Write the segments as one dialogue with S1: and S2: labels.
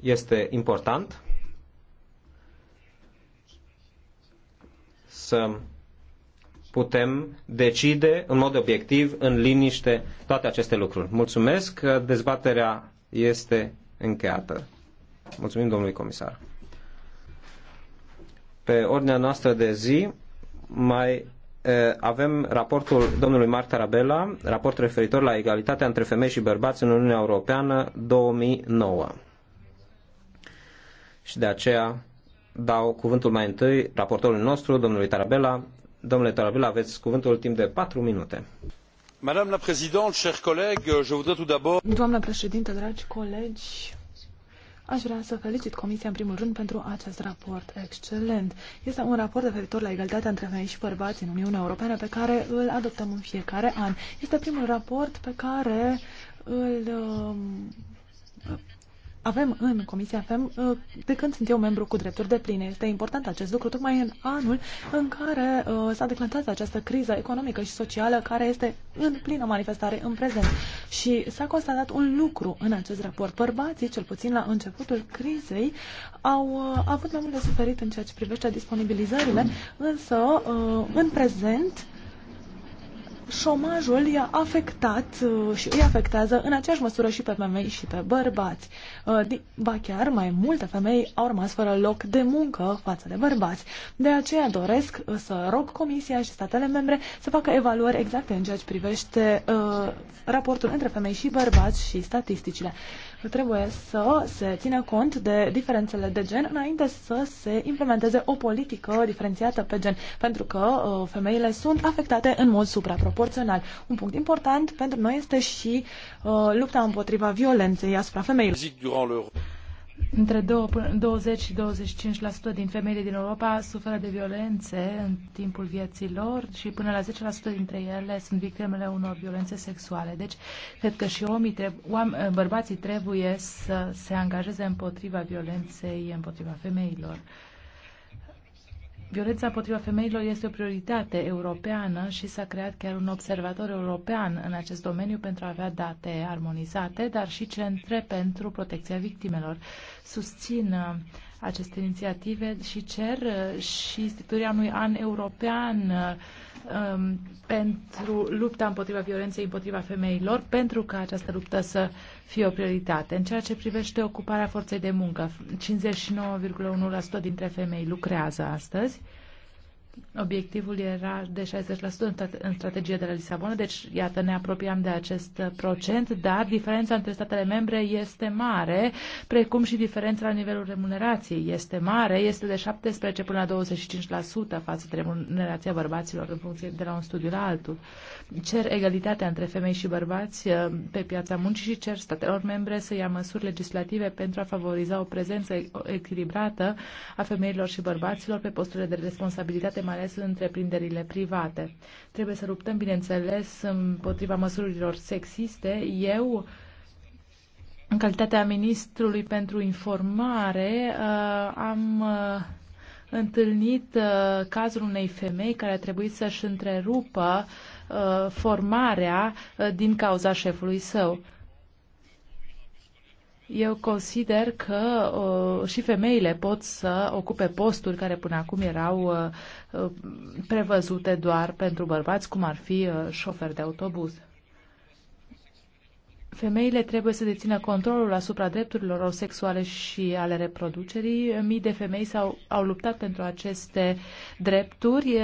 S1: este important să putem decide în mod obiectiv, în liniște, toate aceste lucruri. Mulțumesc, dezbaterea este încheiată. Mulțumim domnului comisar. Pe ordinea noastră de zi mai avem raportul domnului Marta Rabela, raport referitor la egalitatea între femei și bărbați în Uniunea Europeană 2009 și de aceea dau cuvântul mai întâi raportorului nostru, domnului Tarabella. Domnule Tarabella, aveți cuvântul timp de patru minute.
S2: Madame la Présidente, chers collègues, je voudrais tout d'abord...
S3: Doamnă președinte, dragi colegi, Aș vrea să felicit Comisia în primul rând pentru acest raport excelent. Este un raport referitor la egalitatea între femei și bărbați în Uniunea Europeană pe care îl adoptăm în fiecare an. Este primul raport pe care îl um, avem în Comisia FEM, uh, de când sunt eu membru cu drepturi de pline, este important acest lucru, tocmai în anul în care uh, s-a declanșat această criză economică și socială care este în plină manifestare în prezent. Și s-a constatat un lucru în acest raport. Bărbații, cel puțin la începutul crizei, au uh, avut mai mult de suferit în ceea ce privește disponibilizările, însă în prezent șomajul i-a afectat uh, și îi afectează în aceeași măsură și pe femei și pe bărbați. Uh, ba chiar mai multe femei au rămas fără loc de muncă față de bărbați. De aceea doresc uh, să rog Comisia și statele membre să facă evaluări exacte în ceea ce privește raportul între femei și bărbați și statisticile trebuie să se țină cont de diferențele de gen înainte să se implementeze o politică diferențiată pe gen, pentru că uh, femeile sunt afectate în mod supraproporțional. Un punct important pentru noi este și uh, lupta împotriva violenței asupra femeilor.
S2: Între 20 și 25% din femeile din Europa suferă de violențe în timpul vieții lor și până la 10% dintre ele sunt victimele unor violențe sexuale. Deci, cred că și omii trebu- oam- bărbații trebuie să se angajeze împotriva violenței, împotriva femeilor. Violența împotriva femeilor este o prioritate europeană și s-a creat chiar un observator european în acest domeniu pentru a avea date armonizate, dar și centre pentru protecția victimelor. Susțin uh, aceste inițiative și cer uh, și instituirea unui an european uh, um, pentru lupta împotriva violenței împotriva femeilor, pentru ca această luptă să fie o prioritate. În ceea ce privește ocuparea forței de muncă, 59,1% dintre femei lucrează astăzi Obiectivul era de 60% în strategia de la Lisabona, deci iată ne apropiam de acest procent, dar diferența între statele membre este mare, precum și diferența la nivelul remunerației este mare, este de 17 până la 25% față de remunerația bărbaților în funcție de la un studiu la altul cer egalitatea între femei și bărbați uh, pe piața muncii și cer statelor membre să ia măsuri legislative pentru a favoriza o prezență echilibrată a femeilor și bărbaților pe posturile de responsabilitate, mai ales în întreprinderile private. Trebuie să luptăm, bineînțeles, împotriva măsurilor sexiste. Eu în calitatea ministrului pentru informare, uh, am uh, întâlnit uh, cazul unei femei care a trebuit să-și întrerupă uh, formarea uh, din cauza șefului său. Eu consider că uh, și femeile pot să ocupe posturi care până acum erau uh, uh prevăzute doar pentru bărbați, cum ar fi uh, șofer de autobuz. Femeile trebuie să dețină controlul asupra drepturilor lor sexuale și ale reproducerii. Mii de femei s-au, au luptat pentru aceste drepturi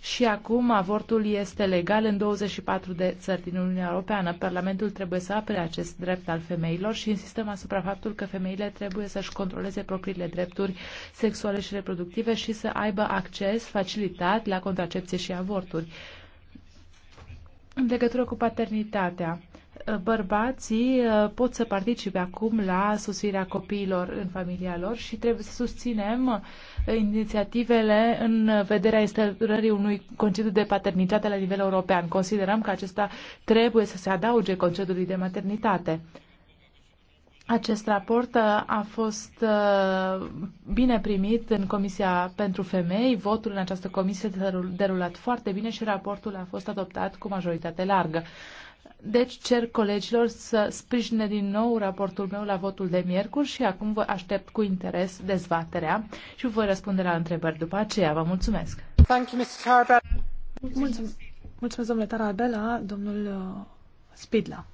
S2: și acum avortul este legal în 24 de țări din Uniunea Europeană. Parlamentul trebuie să apere acest drept al femeilor și insistăm asupra faptul că femeile trebuie să-și controleze propriile drepturi sexuale și reproductive și să aibă acces facilitat la contracepție și avorturi. În legătură cu paternitatea, bărbații uh, pot să participe acum la susținerea copiilor în familia lor și trebuie să susținem uh, inițiativele în vederea instaurării unui concediu de paternitate la nivel european. Considerăm că acesta trebuie să se adauge concediului de maternitate. Acest raport uh, a fost bine primit în Comisia pentru Femei. Votul în această comisie s-a derulat foarte bine și raportul a fost adoptat cu majoritate largă. Deci cer colegilor să sprijine din nou raportul meu la votul de miercuri și acum vă aștept cu interes dezbaterea și voi răspunde la întrebări după aceea. Vă mulțumesc!
S3: Thank you, Mr. Mulțumesc, mulțumesc domnule Tarabella, domnul
S4: uh, Spidla.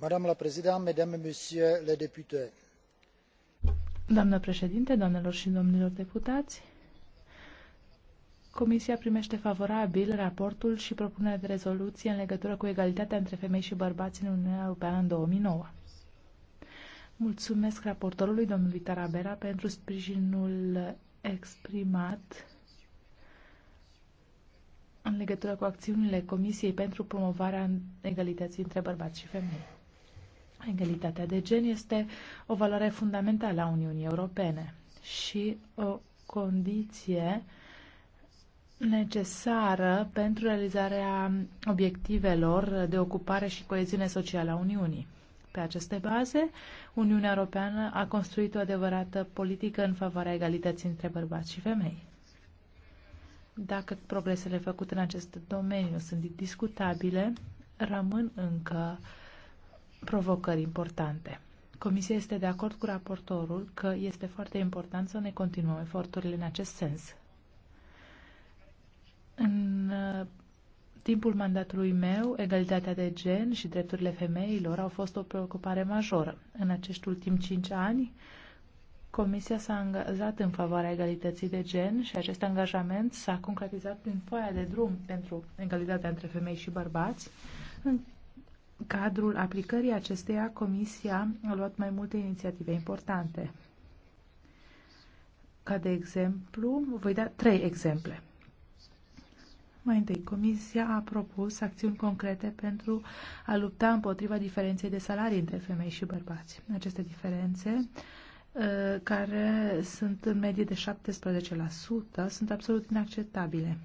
S4: Madame la Présidente, Mesdames et Messieurs les députés.
S2: Doamnă președinte, doamnelor și domnilor deputați, Comisia primește favorabil raportul și propunerea de rezoluție în legătură cu egalitatea între femei și bărbați în Uniunea Europeană în 2009. Mulțumesc raportorului, domnului Tarabera, pentru sprijinul exprimat în legătură cu acțiunile Comisiei pentru promovarea egalității între bărbați și femei. Egalitatea de gen este o valoare fundamentală a Uniunii Europene și o condiție uh, necesară pentru realizarea obiectivelor de ocupare și coeziune socială a Uniunii. Pe aceste baze, Uniunea Europeană a construit o adevărată politică în favoarea egalității între bărbați și femei. Dacă progresele făcute în acest domeniu sunt discutabile, rămân încă provocări importante. Comisia este de acord cu raportorul că este foarte important să ne continuăm eforturile în acest sens. În uh, timpul mandatului meu, egalitatea de gen și drepturile femeilor au fost o preocupare majoră. În acești ultimi cinci ani, Comisia s-a angajat în favoarea egalității de gen și acest angajament s-a concretizat prin foaia de drum pentru egalitatea între femei și bărbați. În cadrul aplicării acesteia, Comisia a luat mai multe inițiative importante. Ca de exemplu, voi da trei exemple. Mai întâi, Comisia a propus acțiuni concrete pentru a lupta împotriva diferenței de salarii între femei și bărbați. Aceste diferențe ă, care sunt în medie de 17%, sunt absolut inacceptabile.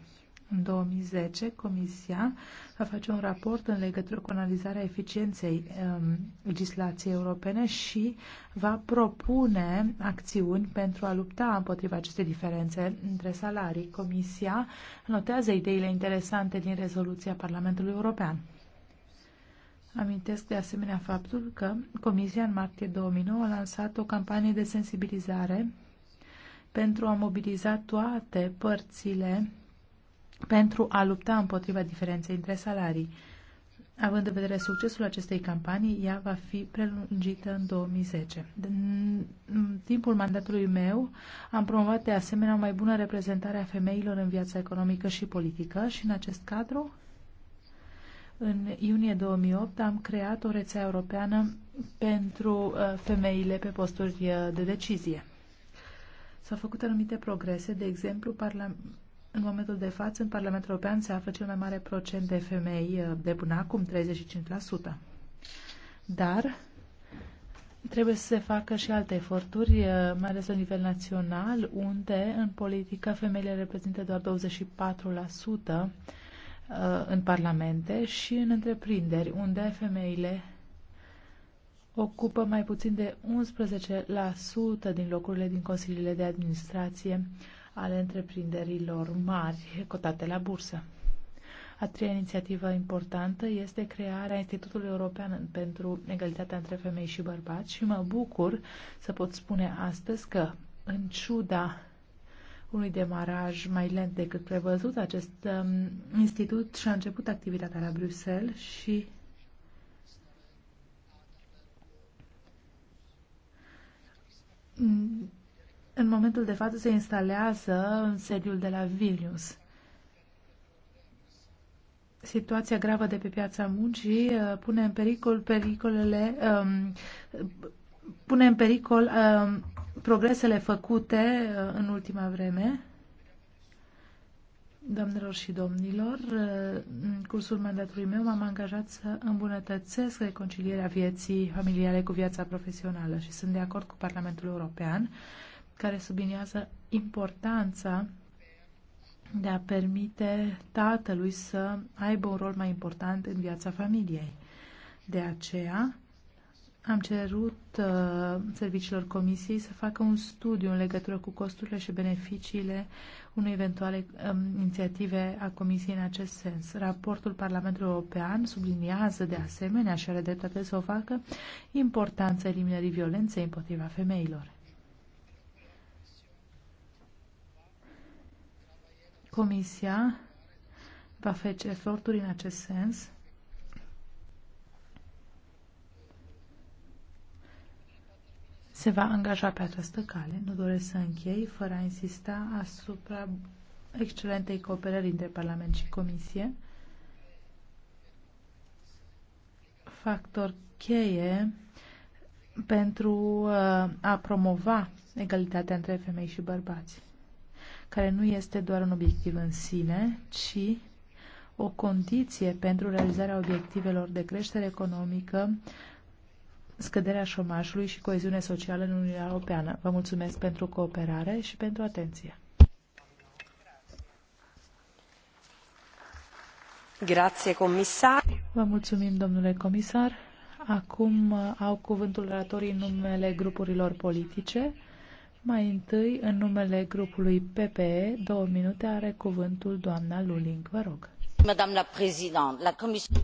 S2: În 2010, Comisia va face un raport în legătură cu analizarea eficienței um, legislației europene și va propune acțiuni pentru a lupta împotriva acestei diferențe între salarii. Comisia notează ideile interesante din rezoluția Parlamentului European. Amintesc de asemenea faptul că Comisia în martie 2009 a lansat o campanie de sensibilizare pentru a mobiliza toate părțile pentru a lupta împotriva diferenței între salarii. Având în vedere succesul acestei campanii, ea va fi prelungită în 2010. În timpul mandatului meu am promovat de asemenea o mai bună reprezentare a femeilor în viața economică și politică și în acest cadru, în iunie 2008, am creat o rețea europeană pentru uh, femeile pe posturi uh, de decizie. S-au făcut anumite progrese, de exemplu, Parlamentul în momentul de față, în Parlamentul European se află cel mai mare procent de femei uh, de până acum, 35%. Dar trebuie să se facă și alte eforturi, uh, mai ales la nivel național, unde în politică femeile reprezintă doar 24% uh, în parlamente și în întreprinderi, unde femeile ocupă mai puțin de 11% din locurile din consiliile de administrație ale întreprinderilor mari cotate la bursă. A treia inițiativă importantă este crearea Institutului European pentru Egalitatea între Femei și Bărbați și mă bucur să pot spune astăzi că, în ciuda unui demaraj mai lent decât prevăzut, acest um, institut și-a început activitatea la Bruxelles și în momentul de față se instalează în sediul de la Vilnius. Situația gravă de pe piața muncii uh, pune în pericol pericolele um, pune în pericol um, progresele făcute uh, în ultima vreme. Doamnelor și domnilor, uh, în cursul mandatului meu m-am angajat să îmbunătățesc reconcilierea vieții familiale cu viața profesională și sunt de acord cu Parlamentul European care subliniază importanța de a permite tatălui să aibă un rol mai important în viața familiei. De aceea, am cerut uh, serviciilor comisiei să facă un studiu în legătură cu costurile și beneficiile unei eventuale um, inițiative a comisiei în acest sens. Raportul Parlamentului European subliniază de asemenea și are dreptate să o facă importanța eliminării violenței împotriva femeilor. Comisia va face eforturi în acest sens. Se va angaja pe această cale. Nu doresc să închei fără a insista asupra excelentei cooperări între Parlament și Comisie. Factor cheie pentru uh, a promova egalitatea între femei și bărbați care nu este doar un obiectiv în sine, ci o condiție pentru realizarea obiectivelor de creștere economică, scăderea șomajului și coeziune socială în Uniunea Europeană. Vă mulțumesc pentru cooperare și pentru atenție. Grazie, comisar. Vă mulțumim, domnule comisar. Acum uh, au cuvântul ratorii numele grupurilor politice. Mai întâi, în numele grupului PPE, două minute are cuvântul doamna Luling. Vă rog.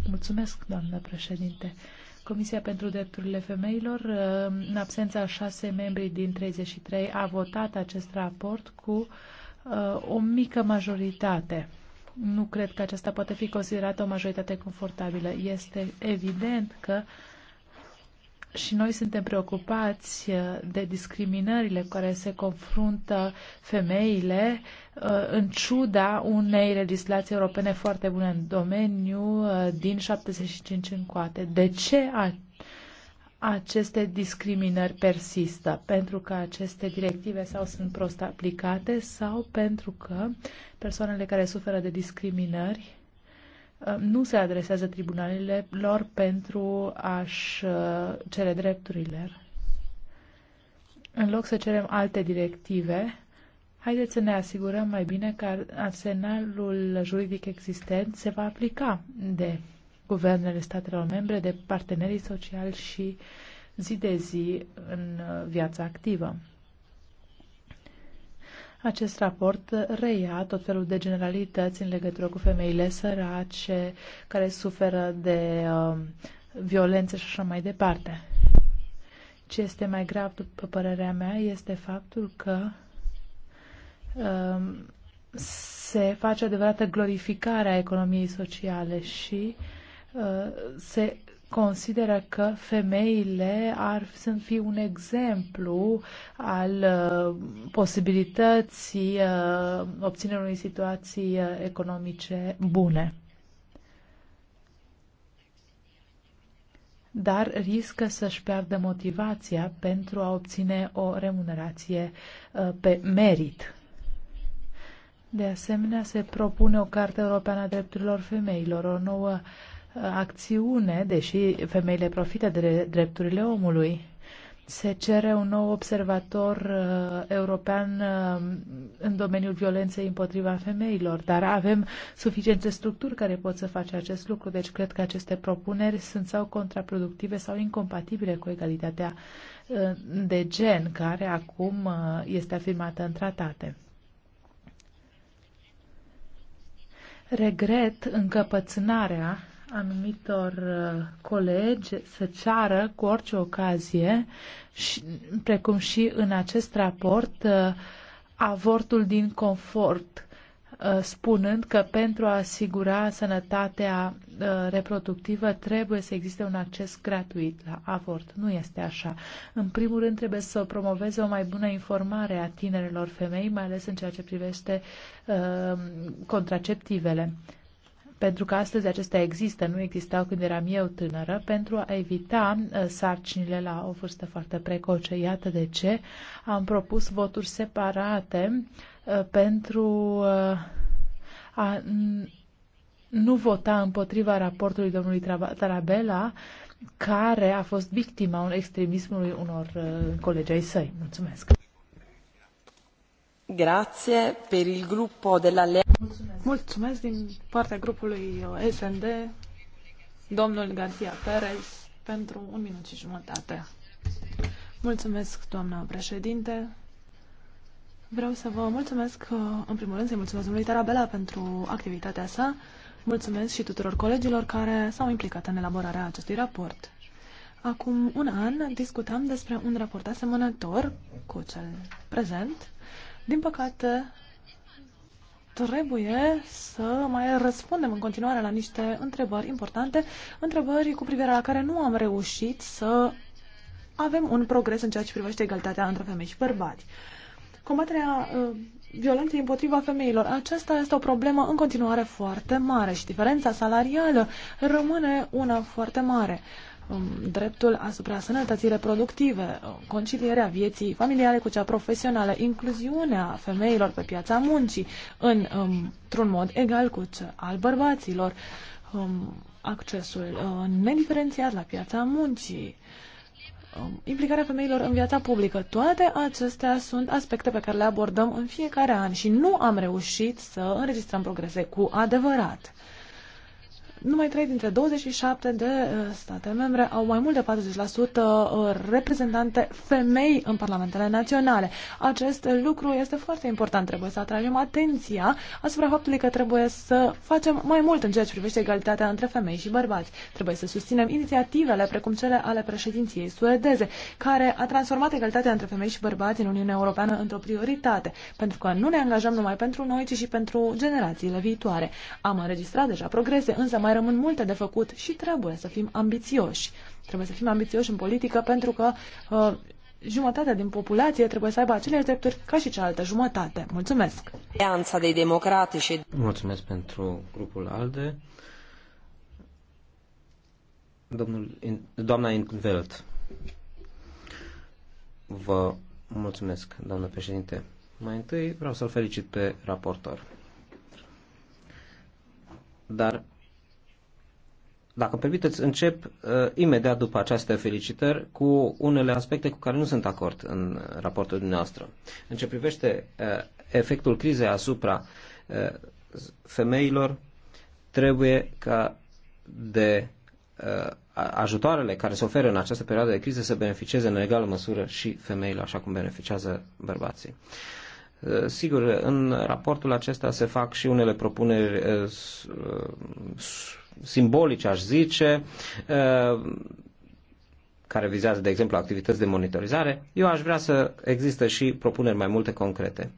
S2: Mulțumesc, doamnă președinte. Comisia pentru Drepturile Femeilor, în absența a șase membri din 33, a votat acest raport cu uh, o mică majoritate. Nu cred că aceasta poate fi considerată o majoritate confortabilă. Este evident că uh, și noi suntem preocupați uh, de discriminările cu care se confruntă femeile uh, în ciuda unei legislații europene foarte bune în domeniu uh, din 75 încoate. De ce aceste discriminări persistă? Pentru că aceste directive sau sunt prost aplicate sau pentru că persoanele care suferă de discriminări Uh, nu se adresează tribunalele lor pentru a-și uh, cere drepturile. În loc să cerem alte directive, haideți să ne asigurăm mai bine că arsenalul juridic existent se va aplica de guvernele statelor membre, de partenerii sociali și zi de zi în uh, viața activă. Acest raport reia tot felul de generalități în legătură cu femeile sărace, care suferă de uh, violență și așa mai departe. Ce este mai grav, după părerea mea, este faptul că uh, se face adevărată glorificare a economiei sociale și uh, se consideră că femeile ar să fi un exemplu al uh, posibilității uh, obținerii unei situații uh, economice bune. dar riscă să-și piardă motivația pentru a obține o remunerație pe merit. De asemenea, se propune o carte europeană a drepturilor femeilor, o nouă uh, acțiune, deși femeile profită de drepturile omului. Se cere un nou observator uh, european uh, în domeniul violenței împotriva femeilor, dar avem suficiente structuri care pot să face acest lucru, deci cred că aceste propuneri sunt sau contraproductive sau incompatibile cu egalitatea uh, de gen, care acum uh, este afirmată în tratate. Regret încăpățânarea anumitor uh, colegi să ceară cu orice ocazie, și, precum și în acest raport, uh, avortul din confort, uh, spunând că pentru a asigura sănătatea reproductivă trebuie să existe un acces gratuit la avort. Nu este așa. În primul rând trebuie să promoveze o mai bună informare a tinerilor femei, mai ales în ceea ce privește uh, contraceptivele pentru că astăzi acestea există, nu existau când eram eu tânără, pentru a evita uh, sarcinile la o vârstă foarte precoce. Iată de ce am propus voturi separate uh, pentru uh, a nu vota împotriva raportului domnului Tarabella, care a fost victima un extremismului unor colegi ai săi. Mulțumesc.
S5: Grazie per il gruppo della Mulțumesc. din partea grupului SND,
S3: domnul García Perez, pentru un minut și jumătate. Mulțumesc, doamna președinte. Vreau să vă mulțumesc, în primul rând, să-i mulțumesc domnului Tarabela pentru activitatea sa. Mulțumesc și tuturor colegilor care s-au implicat în elaborarea acestui raport. Acum un an discutam despre un raport asemănător cu cel prezent. Din păcate, trebuie să mai răspundem în continuare la niște întrebări importante, întrebări cu privire la care nu am reușit să avem un progres în ceea ce privește egalitatea între femei și bărbați. Combaterea uh, violenței împotriva femeilor. Aceasta este o problemă în continuare foarte mare și diferența salarială rămâne una foarte mare. Um, dreptul asupra sănătății reproductive, um, concilierea vieții familiale cu cea profesională, incluziunea femeilor pe piața muncii în, um, într-un mod egal cu cea al bărbaților, accesul uh, nediferențiat la piața muncii, implicarea femeilor în viața publică. Toate acestea sunt aspecte pe care le abordăm în fiecare an și nu am reușit să înregistrăm progrese cu adevărat. Numai 3 dintre 27 de uh, state membre au mai mult de 40% uh, reprezentante femei în parlamentele naționale. Acest lucru este foarte important. Trebuie să atragem atenția asupra faptului că trebuie să facem mai mult în ceea ce privește egalitatea între femei și bărbați. Trebuie să susținem inițiativele precum cele ale președinției suedeze, care a transformat egalitatea între femei și bărbați în Uniunea Europeană într-o prioritate, pentru că nu ne angajăm numai pentru noi, ci și pentru generațiile viitoare. Am înregistrat deja progrese, însă mai mai rămân multe de făcut și trebuie să fim ambițioși. Trebuie să fim ambițioși în politică pentru că uh, jumătate din populație trebuie să aibă aceleași drepturi ca și cealaltă jumătate. Mulțumesc!
S5: Alianța de democratici.
S1: Mulțumesc pentru grupul ALDE. Domnul, doamna Intveld, vă mulțumesc, doamnă președinte. Mai întâi vreau să-l felicit pe raportor. Dar dacă permiteți, încep uh, imediat după aceste felicitări cu unele aspecte cu care nu sunt acord în raportul dumneavoastră. În ce privește uh, efectul crizei asupra uh, femeilor, trebuie ca de uh, ajutoarele care se oferă în această perioadă de criză să beneficieze în egală măsură și femeile, așa cum beneficiază bărbații. Uh, sigur, în raportul acesta se fac și unele propuneri uh, uh, simbolice, aș zice, uh, care vizează, de exemplu, activități de monitorizare, eu aș vrea să există și propuneri mai multe concrete.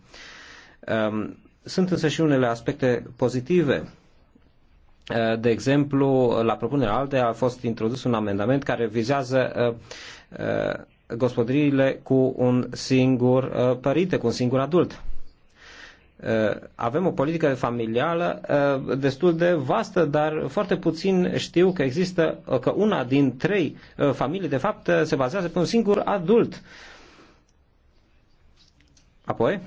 S1: Um, sunt însă și unele aspecte pozitive. Uh, de exemplu, la propunerea altă a fost introdus un amendament care vizează uh, gospodăriile cu un singur părinte, cu un singur adult Eh, avem o politică familială eh, destul de vastă, dar foarte puțin știu că există, eh, că una din trei familii, de fapt, se bazează pe un singur adult. Apoi,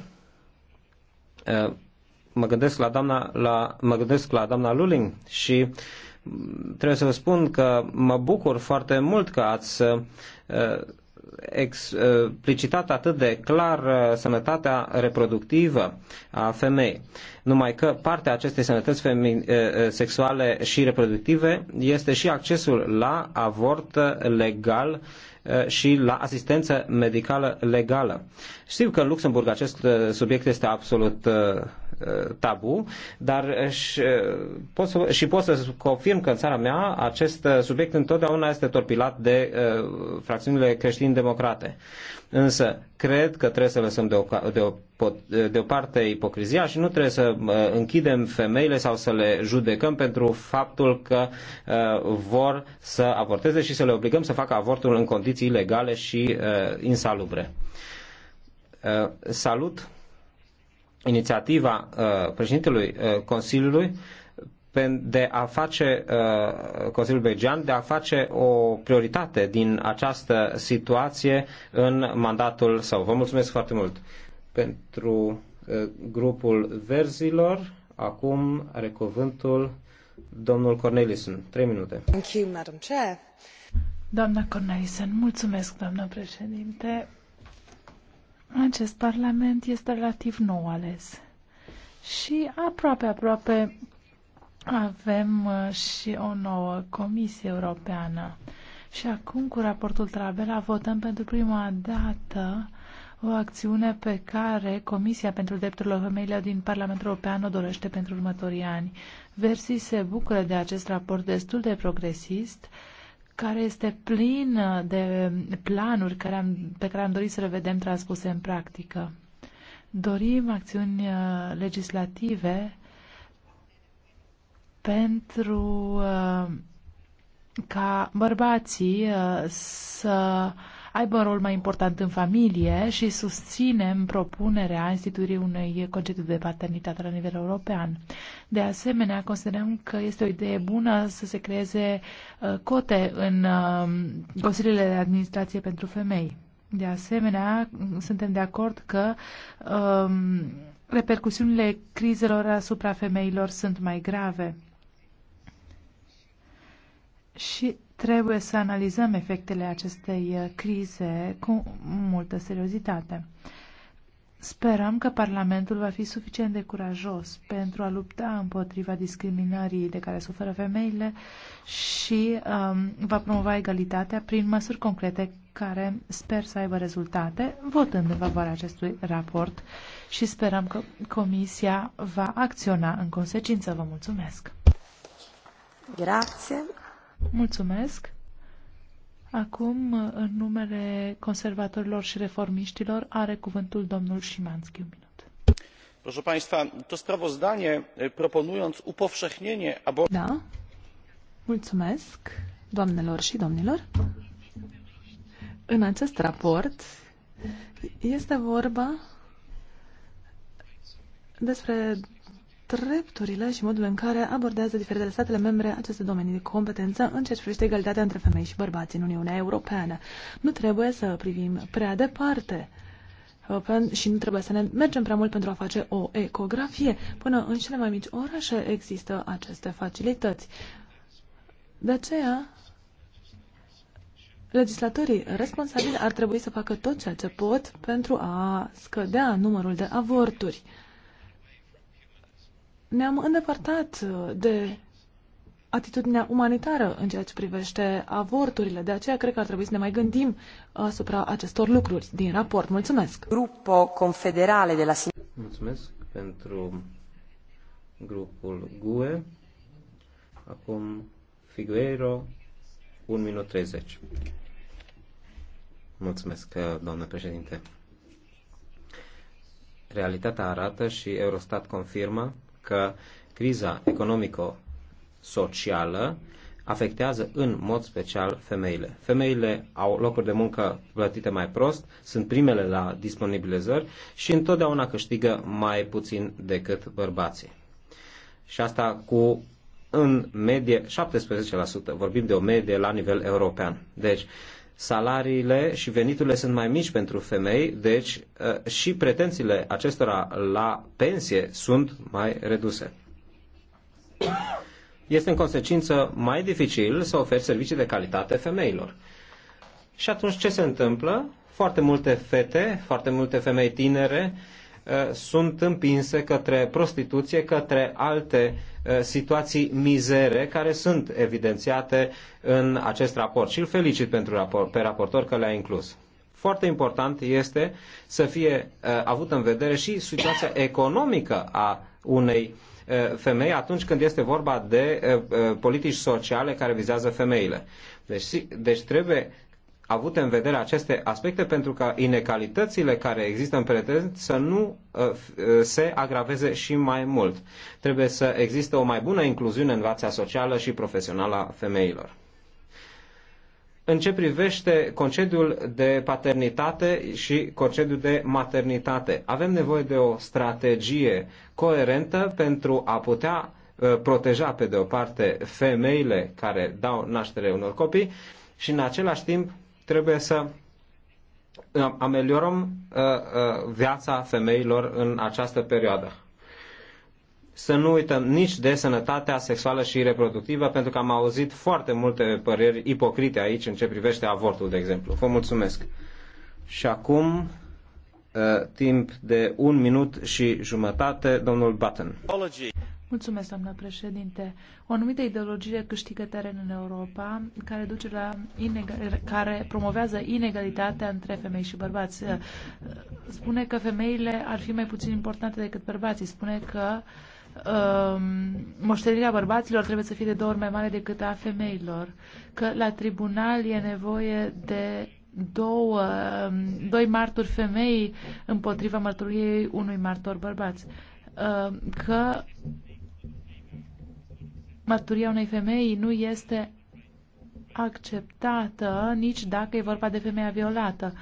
S1: mă gândesc la doamna, la, mă gândesc la doamna Luling și mm, trebuie să vă spun că mă bucur foarte mult că ați explicitat atât de clar uh, sănătatea reproductivă a femei, Numai că partea acestei sănătăți uh, uh, sexuale și reproductive este și accesul la avort legal Eh, și la asistență medicală legală. Știu că în Luxemburg acest eh, subiect este absolut eh, tabu, dar și pot, să, și pot să confirm că în țara mea acest subiect întotdeauna este torpilat de fracțiunile creștin-democrate. Însă, cred că trebuie să lăsăm deoparte ipocrizia și nu trebuie să uh, închidem femeile sau să le judecăm pentru faptul că uh, vor să avorteze și să le obligăm să facă avortul în condiții ilegale și uh, insalubre. Salut inițiativa președintelui Consiliului de a face uh, Consiliul Belgian de a face o prioritate din această situație în mandatul său. Vă mulțumesc foarte mult pentru uh, grupul verzilor. Acum are cuvântul domnul Cornelison. Trei minute.
S2: Thank you, Madam Chair. Doamna Cornelison, mulțumesc, doamna președinte. Acest parlament este relativ nou ales și aproape, aproape avem uh, și o nouă Comisie Europeană. Și acum, cu raportul Trabela, votăm pentru prima dată o acțiune pe care Comisia pentru Drepturile Femeilor din Parlamentul European o dorește pentru următorii ani. Versi se bucură de acest raport destul de progresist, care este plin de planuri care am, pe care am dorit să le vedem transpuse în practică. Dorim acțiuni uh, legislative pentru uh, ca bărbații uh, să aibă un rol mai important în familie și susținem propunerea instituirii unui concediu de paternitate la nivel european. De asemenea, considerăm că este o idee bună să se creeze uh, cote în consiliile de administrație pentru femei. De asemenea, suntem de acord că um, repercusiunile crizelor asupra femeilor sunt mai grave și trebuie să analizăm efectele acestei uh, crize cu multă seriozitate. Sperăm că Parlamentul va fi suficient de curajos pentru a lupta împotriva discriminării de care suferă femeile și um, va promova egalitatea prin măsuri concrete care sper să aibă rezultate, votând în favoarea acestui raport și sperăm că Comisia va acționa în consecință. Vă mulțumesc! Grazie. Mulțumesc. Acum, în numele conservatorilor și reformiștilor, are cuvântul domnul Szymanski. Un minut.
S6: Proszę Państwa, to sprawozdanie proponując upowszechnienie aborcji.
S3: Da. Mulțumesc, doamnelor și domnilor. În acest
S2: raport
S3: este vorba despre drepturile și modul în care abordează diferitele statele membre aceste domenii de competență în ceea ce privește egalitatea între femei și bărbați în Uniunea Europeană. Nu trebuie să privim prea departe uh, și nu trebuie să ne mergem prea mult pentru a face o ecografie. Până în cele mai mici orașe există aceste facilități. De aceea, legislatorii responsabili ar trebui să facă tot ceea ce pot pentru a scădea numărul de avorturi ne-am îndepărtat uh, de atitudinea umanitară în ceea ce privește avorturile. De aceea cred că ar trebui să ne mai gândim asupra acestor lucruri din raport. Mulțumesc! Grupo Confederale de la
S1: Mulțumesc pentru grupul GUE. Acum Figueiro, 1 minut 30. Mulțumesc, uh, doamnă președinte. Realitatea arată și Eurostat confirmă că criza economico-socială afectează în mod special femeile. Femeile au locuri de muncă plătite mai prost, sunt primele la disponibilizări și întotdeauna câștigă mai puțin decât bărbații. Și asta cu în medie 17%, vorbim de o medie la nivel european. Deci, uh, salariile și veniturile sunt mai mici pentru femei, deci uh, și pretențiile acestora la pensie sunt mai reduse. Este în consecință mai dificil să oferi servicii de calitate femeilor. Și atunci ce se întâmplă? Foarte multe fete, foarte multe femei tinere Eh, sunt împinse către prostituție, către alte eh, situații mizere care sunt evidențiate în acest raport. Și îl felicit pentru raport, pe raportor că le-a inclus. Foarte important este să fie eh, avut în vedere și situația economică a unei femei atunci când este vorba de politici sociale care vizează femeile. Deci, deci trebuie avut în vedere aceste aspecte pentru ca inegalitățile care există în prezent să nu uh, uh, se agraveze și mai mult. Trebuie să existe o mai bună incluziune în viața socială și profesională a femeilor. În ce privește concediul de paternitate și concediul de maternitate, avem nevoie de o strategie coerentă pentru a putea uh, proteja pe de o parte femeile care dau naștere unor copii și în același timp Trebuie să uh, ameliorăm uh, uh, viața femeilor în această perioadă. Să nu uităm nici de sănătatea sexuală și reproductivă, pentru că am auzit foarte multe păreri ipocrite aici în ce privește avortul, de exemplu. Vă mulțumesc. Și acum, timp de un minut și jumătate, domnul Button.
S2: Mulțumesc, doamnă președinte. O anumită ideologie câștigă teren în Europa, care, duce la inegal, care promovează inegalitatea între femei și bărbați. Spune că femeile ar fi mai puțin importante decât bărbații. Spune că um, moștenirea bărbaților trebuie să fie de două ori mai mare decât a femeilor. Că la tribunal e nevoie de două, doi marturi femei împotriva mărturiei unui martor bărbați uh, că mărturia unei femei nu este acceptată nici dacă e vorba de femeia violată.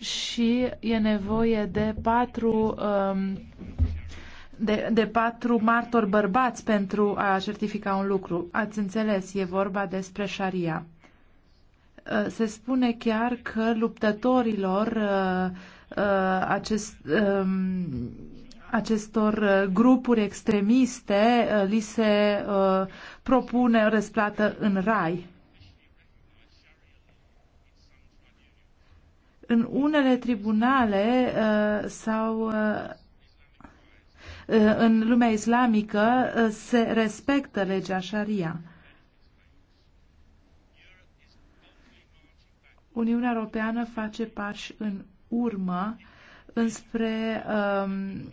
S2: Și e nevoie de patru, um, de, de patru martori bărbați pentru a certifica un lucru. Ați înțeles, e vorba despre șaria. Uh, se spune chiar că luptătorilor uh, uh, acest um, acestor uh, grupuri extremiste uh, li se uh, propune răsplată în rai. În unele tribunale sau în lumea islamică se respectă legea Sharia. Uniunea Europeană face pași în urmă uh, înspre um,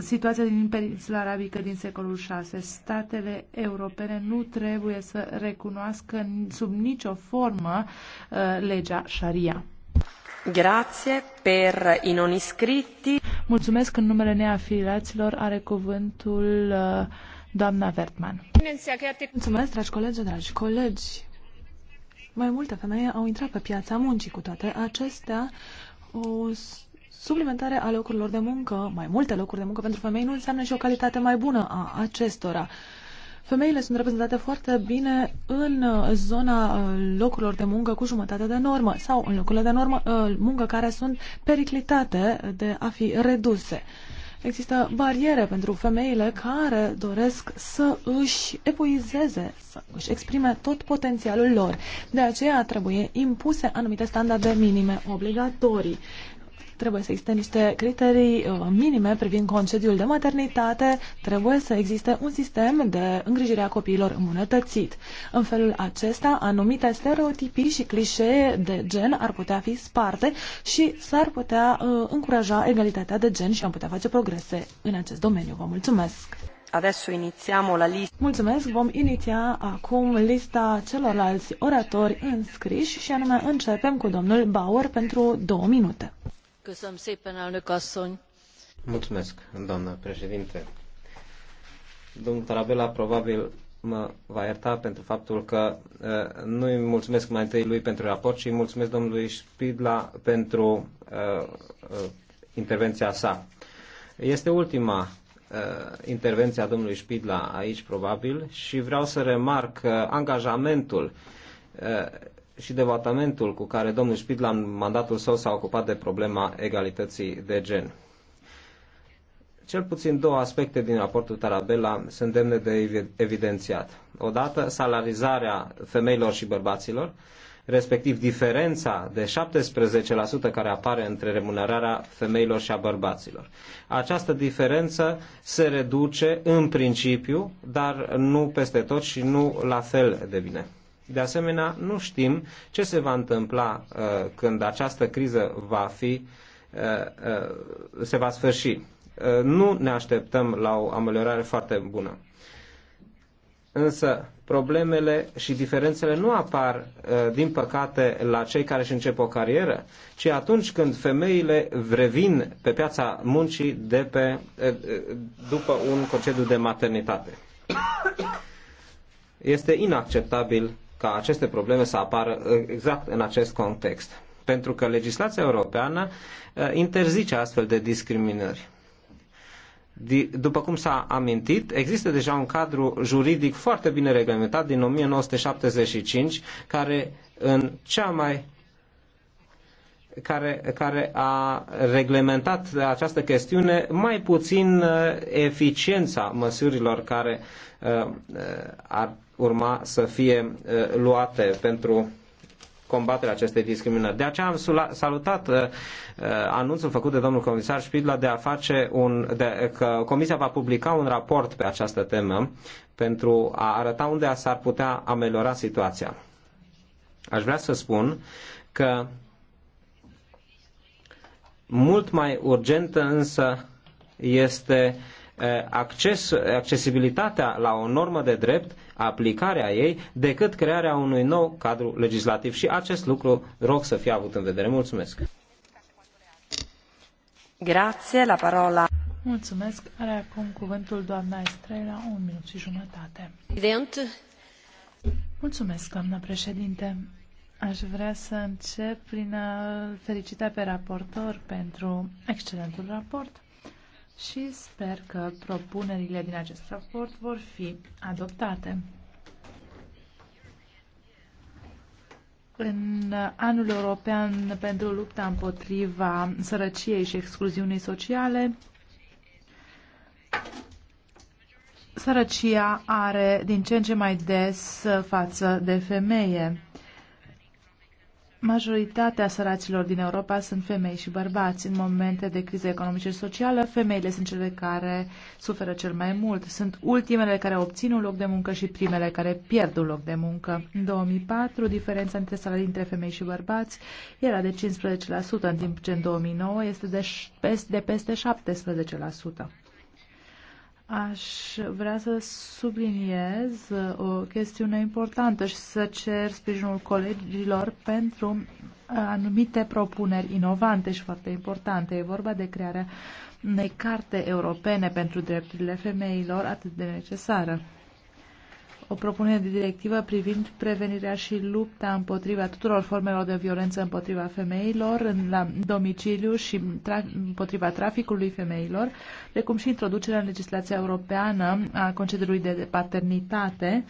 S2: situația din peninsula arabică din secolul VI. Statele europene nu trebuie să recunoască sub nicio formă uh, legea Sharia. Grazie per i non iscritti. Mulțumesc în numele neafiliaților. Are cuvântul uh, doamna Vertman.
S3: Mulțumesc, dragi colegi, dragi colegi. Mai multe femei au intrat pe piața muncii. Cu
S2: toate acestea,
S3: o suplimentare a locurilor de muncă, mai multe locuri de muncă pentru femei, nu înseamnă și o calitate mai bună a acestora. Femeile sunt reprezentate foarte bine în uh, zona uh, locurilor de muncă cu jumătate de normă sau în locurile de normă, uh, muncă care sunt periclitate de a fi reduse. Există bariere pentru femeile care doresc să își epuizeze, să își exprime tot potențialul lor. De aceea trebuie impuse anumite standarde minime obligatorii. Trebuie să existe niște criterii uh, minime privind concediul de maternitate, trebuie să existe un sistem de îngrijire a copiilor îmbunătățit. În felul acesta, anumite stereotipii și clișee de gen ar putea fi sparte și s-ar putea uh, încuraja egalitatea de gen și am putea face progrese în acest domeniu. Vă mulțumesc! Adesso iniziamo la lista. Mulțumesc, vom iniția acum lista celorlalți oratori înscriși și anume începem cu domnul Bauer pentru două minute.
S1: Mulțumesc, doamnă președinte. Domnul Tarabella probabil mă va ierta pentru faptul că uh, nu îi mulțumesc mai întâi lui pentru raport, și îi mulțumesc domnului Spidla pentru uh, uh, intervenția sa. Este ultima uh, intervenția domnului Spidla aici, probabil, și vreau să remarc uh, angajamentul uh, și devatamentul cu care domnul Spidla în mandatul său s-a ocupat de problema egalității de gen. Cel puțin două aspecte din raportul Tarabella sunt demne de evidențiat. Odată, salarizarea femeilor și bărbaților, respectiv diferența de 17% care apare între remunerarea femeilor și a bărbaților. Această diferență se reduce în principiu, dar nu peste tot și nu la fel de bine. De asemenea, nu știm ce se va întâmpla uh, când această criză va fi, uh, uh, se va sfârși. Nu ne așteptăm la o ameliorare foarte bună. Însă problemele și diferențele nu apar, din păcate, la cei care își încep o carieră, ci atunci când femeile revin pe piața muncii de pe, după un concediu de maternitate. Este inacceptabil ca aceste probleme să apară uh, exact în acest context. Pentru că legislația europeană uh, interzice astfel de discriminări. După cum s-a amintit, există deja un cadru juridic foarte bine reglementat din 1975 care în cea mai care, care a reglementat această chestiune, mai puțin uh, eficiența măsurilor care ar urma să fie uh, luate pentru combaterea acestei discriminări. De aceea am salutat uh, uh, anunțul făcut de domnul comisar Spidla de a face un, de, că comisia va publica un raport pe această temă pentru a arăta unde s-ar putea ameliora situația. Aș vrea să spun că mult mai urgentă însă este uh, acces, accesibilitatea la o normă de drept, aplicarea ei, decât crearea unui nou cadru legislativ. Și acest lucru rog să fie avut în vedere. Mulțumesc!
S5: Grazie, la parola.
S2: Mulțumesc. Are acum cuvântul doamna Estrela, un minut și jumătate. Evident. Mulțumesc, doamna președinte. Aș vrea să încep prin a felicita pe raportor pentru excelentul raport și sper că propunerile din acest raport vor fi adoptate. În anul european pentru lupta împotriva sărăciei și excluziunii sociale, sărăcia are din ce în ce mai des față de femeie. Majoritatea săracilor din Europa sunt femei și bărbați. În momente de criză economică și socială, femeile sunt cele care suferă cel mai mult. Sunt ultimele care obțin un loc de muncă și primele care pierd un loc de muncă. În 2004, diferența între salarii între femei și bărbați era de 15%, în timp ce în 2009 este de, de peste 17%. Aș vrea să subliniez uh, o chestiune importantă și să cer sprijinul colegilor pentru uh, anumite propuneri inovante și foarte importante. E vorba de crearea unei carte europene pentru drepturile femeilor atât de necesară o propunere de directivă privind prevenirea și lupta împotriva tuturor formelor de violență împotriva femeilor în, la domiciliu și tra- împotriva traficului femeilor, precum și introducerea în legislația europeană a concediului de paternitate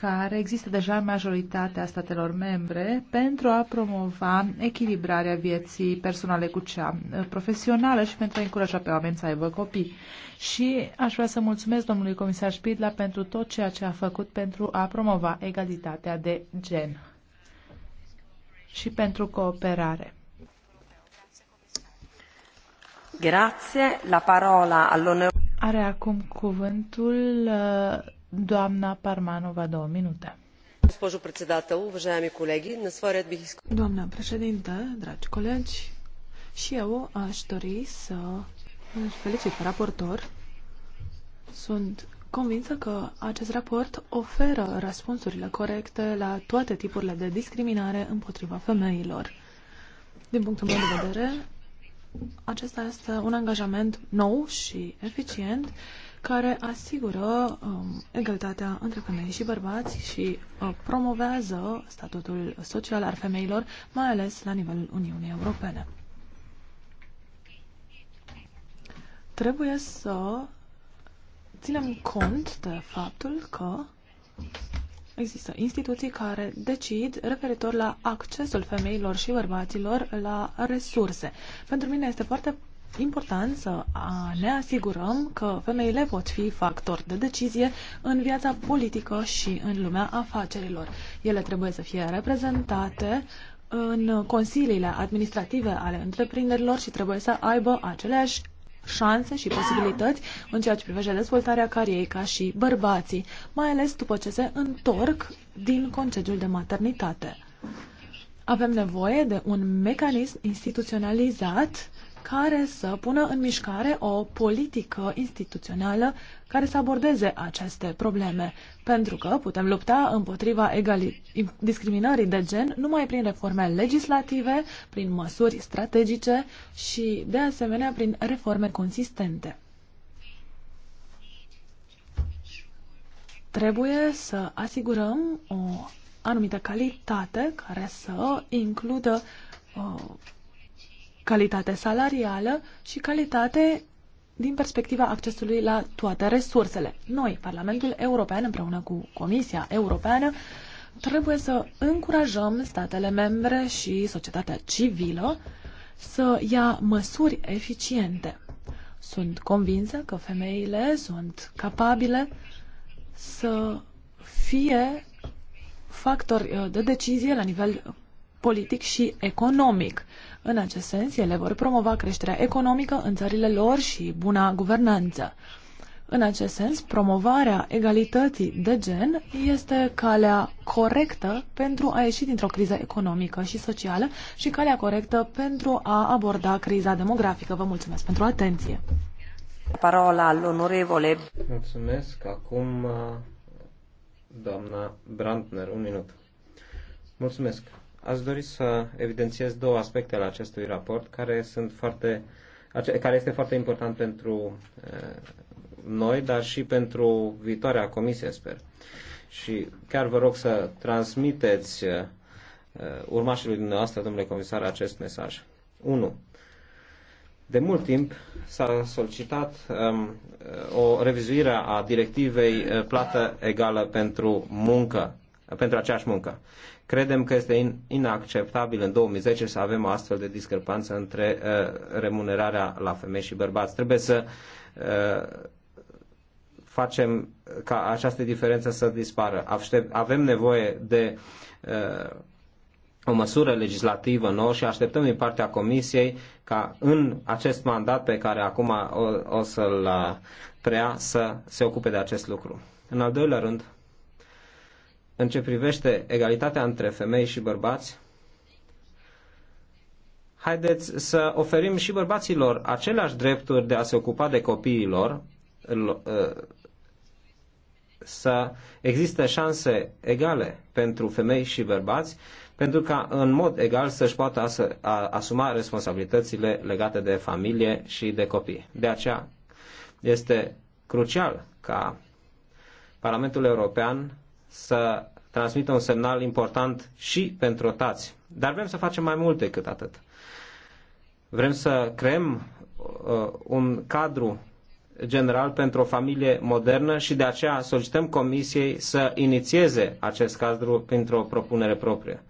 S2: care există deja în majoritatea statelor membre pentru a promova echilibrarea vieții personale cu cea uh, profesională și pentru a încuraja pe oameni să aibă copii. Și aș vrea să mulțumesc domnului comisar Spidla pentru tot ceea ce a făcut pentru a promova egalitatea de gen și pentru cooperare.
S5: Grazie, la parola all'onorevole.
S2: Are acum cuvântul uh, Doamna Parmanova, două minute. Doamna președinte, dragi
S3: colegi, și eu aș dori să îl felicit pe raportor. Sunt convinsă că acest raport oferă răspunsurile corecte la toate tipurile de discriminare împotriva femeilor. Din punctul meu de vedere, acesta este un angajament nou și eficient care asigură um, egalitatea între femei și bărbați și uh, promovează statutul social al femeilor, mai ales la nivelul Uniunii Europene. Trebuie să ținem cont de faptul că există instituții care decid referitor la accesul femeilor și bărbaților la resurse. Pentru mine este foarte important să ne asigurăm că femeile pot fi factor de decizie în viața politică și în lumea afacerilor. Ele trebuie să fie reprezentate în consiliile administrative ale întreprinderilor și trebuie să aibă aceleași șanse și posibilități în ceea ce privește dezvoltarea carierei ca și bărbații, mai ales după ce se întorc din concediul de maternitate. Avem nevoie de un mecanism instituționalizat care să pună în mișcare o politică instituțională care să abordeze aceste probleme, pentru că putem lupta împotriva discriminării de gen numai prin reforme legislative, prin măsuri strategice și, de asemenea, prin reforme consistente. Trebuie să asigurăm o anumită calitate care să includă uh, calitate salarială și calitate din perspectiva accesului la toate resursele. Noi, Parlamentul European, împreună cu Comisia Europeană, trebuie să încurajăm statele membre și societatea civilă să ia măsuri eficiente. Sunt convinsă că femeile sunt capabile să fie factori uh, de decizie la nivel politic și economic. În acest sens, ele vor promova creșterea economică în țările lor și buna guvernanță. În acest sens, promovarea egalității de gen este calea corectă pentru a ieși dintr-o criză economică și socială și calea corectă pentru a aborda criza demografică. Vă mulțumesc pentru atenție.
S1: Parola al onorevole. Mulțumesc. Acum uh, doamna Brandner, un minut. Mulțumesc. Aș dori să evidențiez două aspecte ale acestui raport care sunt foarte care este foarte important pentru eh, noi, dar și pentru viitoarea comisie, sper. Și chiar vă rog să transmiteți eh, urmașului dumneavoastră, domnule comisar, acest mesaj. 1. De mult timp s-a solicitat um, o revizuire a directivei eh, plată egală pentru muncă, pentru aceeași muncă. Credem că este inacceptabil în 2010 să avem o astfel de discrepanță între uh, remunerarea la femei și bărbați. Trebuie să uh, facem ca această diferență să dispară. Avem nevoie de uh, o măsură legislativă nouă și așteptăm din partea Comisiei ca în acest mandat pe care acum o, o să-l prea să se ocupe de acest lucru. În al doilea rând, în ce privește egalitatea între femei și bărbați, haideți să oferim și bărbaților aceleași drepturi de a se ocupa de copiilor, ă, să existe șanse egale pentru femei și bărbați, pentru ca în mod egal să-și poată asuma responsabilitățile legate de familie și de copii. De aceea este crucial ca Parlamentul European să transmită un semnal important și pentru tați. Dar vrem să facem mai mult decât atât. Vrem să creăm uh, un cadru general pentru o familie modernă și de aceea solicităm Comisiei să inițieze acest cadru printr-o propunere proprie.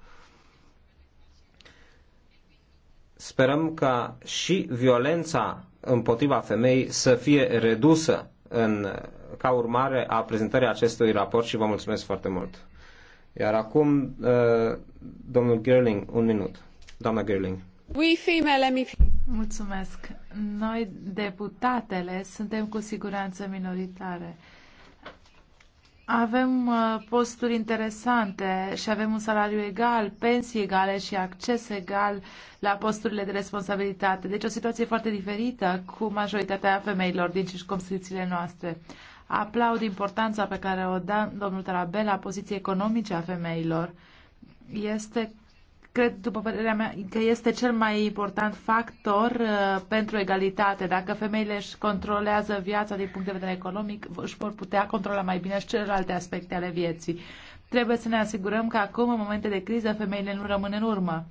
S1: Sperăm ca și violența împotriva femeii să fie redusă în, ca urmare a prezentării acestui raport și vă mulțumesc foarte mult. Iar acum, uh, domnul Gerling, un minut. Doamna Gerling.
S7: We
S2: female MEP. Mulțumesc. Noi, deputatele, suntem cu siguranță minoritare avem uh, posturi interesante și avem un salariu egal, pensii egale și acces egal la posturile de responsabilitate. Deci o situație foarte diferită cu majoritatea femeilor din circunscripțiile noastre. Aplaud importanța pe care o dă domnul Tarabella poziției economice a femeilor. Este cred, după părerea mea, că este cel mai important factor uh, pentru egalitate. Dacă femeile își controlează viața din punct de vedere economic, își vor putea controla mai bine și celelalte aspecte ale vieții. Trebuie să ne asigurăm că acum, în momente de criză, femeile nu rămân în urmă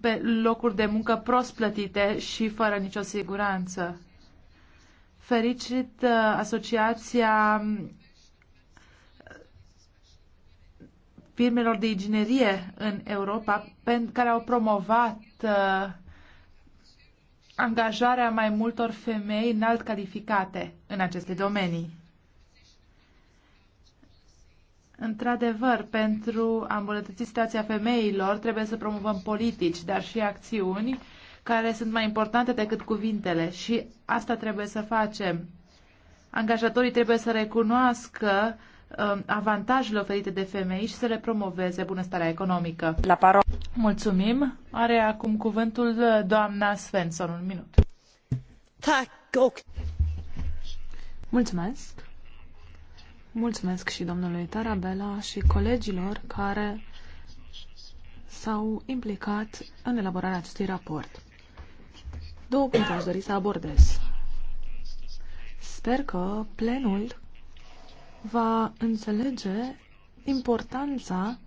S2: pe locuri de muncă prost plătite și fără nicio siguranță. Fericit, uh, Asociația firmelor de inginerie în Europa care au promovat uh, angajarea mai multor femei înalt calificate în aceste domenii. Într-adevăr, pentru a îmbunătăți situația femeilor, trebuie să promovăm politici, dar și acțiuni care sunt mai importante decât cuvintele și asta trebuie să facem. Angajatorii trebuie să recunoască Um, avantajele oferite de femei și să le promoveze bunăstarea economică. La paro. Mulțumim. Are acum cuvântul uh, doamna Svensson. Un minut. Tak. Ok. Mulțumesc. Mulțumesc
S3: și domnului Tarabella și colegilor care s-au implicat în elaborarea acestui raport. Două puncte aș dori să abordez. Sper că plenul va înțelege importanța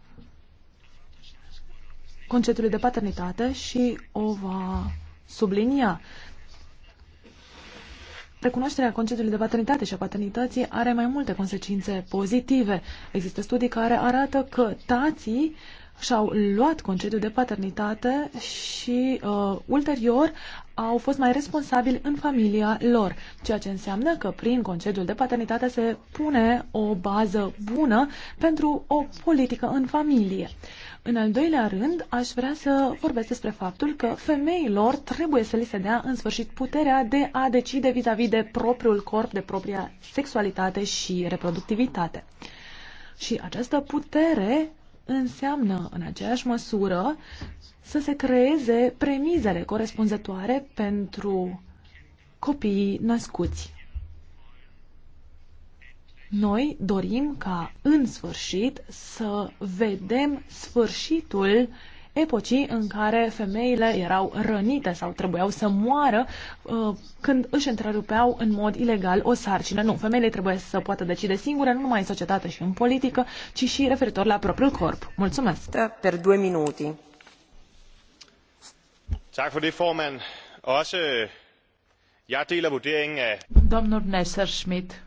S3: conceptului de paternitate și o va sublinia. Recunoașterea conceptului de paternitate și a paternității are mai multe consecințe pozitive. Există studii care arată că tații și-au luat concediu de paternitate și uh, ulterior au fost mai responsabili în familia lor, ceea ce înseamnă că prin concediul de paternitate se pune o bază bună pentru o politică în familie. În al doilea rând, aș vrea să vorbesc despre faptul că femeilor trebuie să li se dea în sfârșit puterea de a decide vis-a-vis -vis de propriul corp, de propria sexualitate și reproductivitate. Și această putere înseamnă în aceeași măsură să se creeze premizele corespunzătoare pentru copiii născuți. Noi dorim ca, în sfârșit, să vedem sfârșitul epocii în care femeile erau rănite sau trebuiau să moară uh, când își întrerupeau în mod ilegal o sarcină. Nu, femeile trebuie să poată decide singure, nu numai în societate și în politică, ci și referitor la propriul corp. Mulțumesc! Da, per două minute. Tak for det, formand. Også jeg deler vurderingen af...
S2: Domnul Messerschmidt.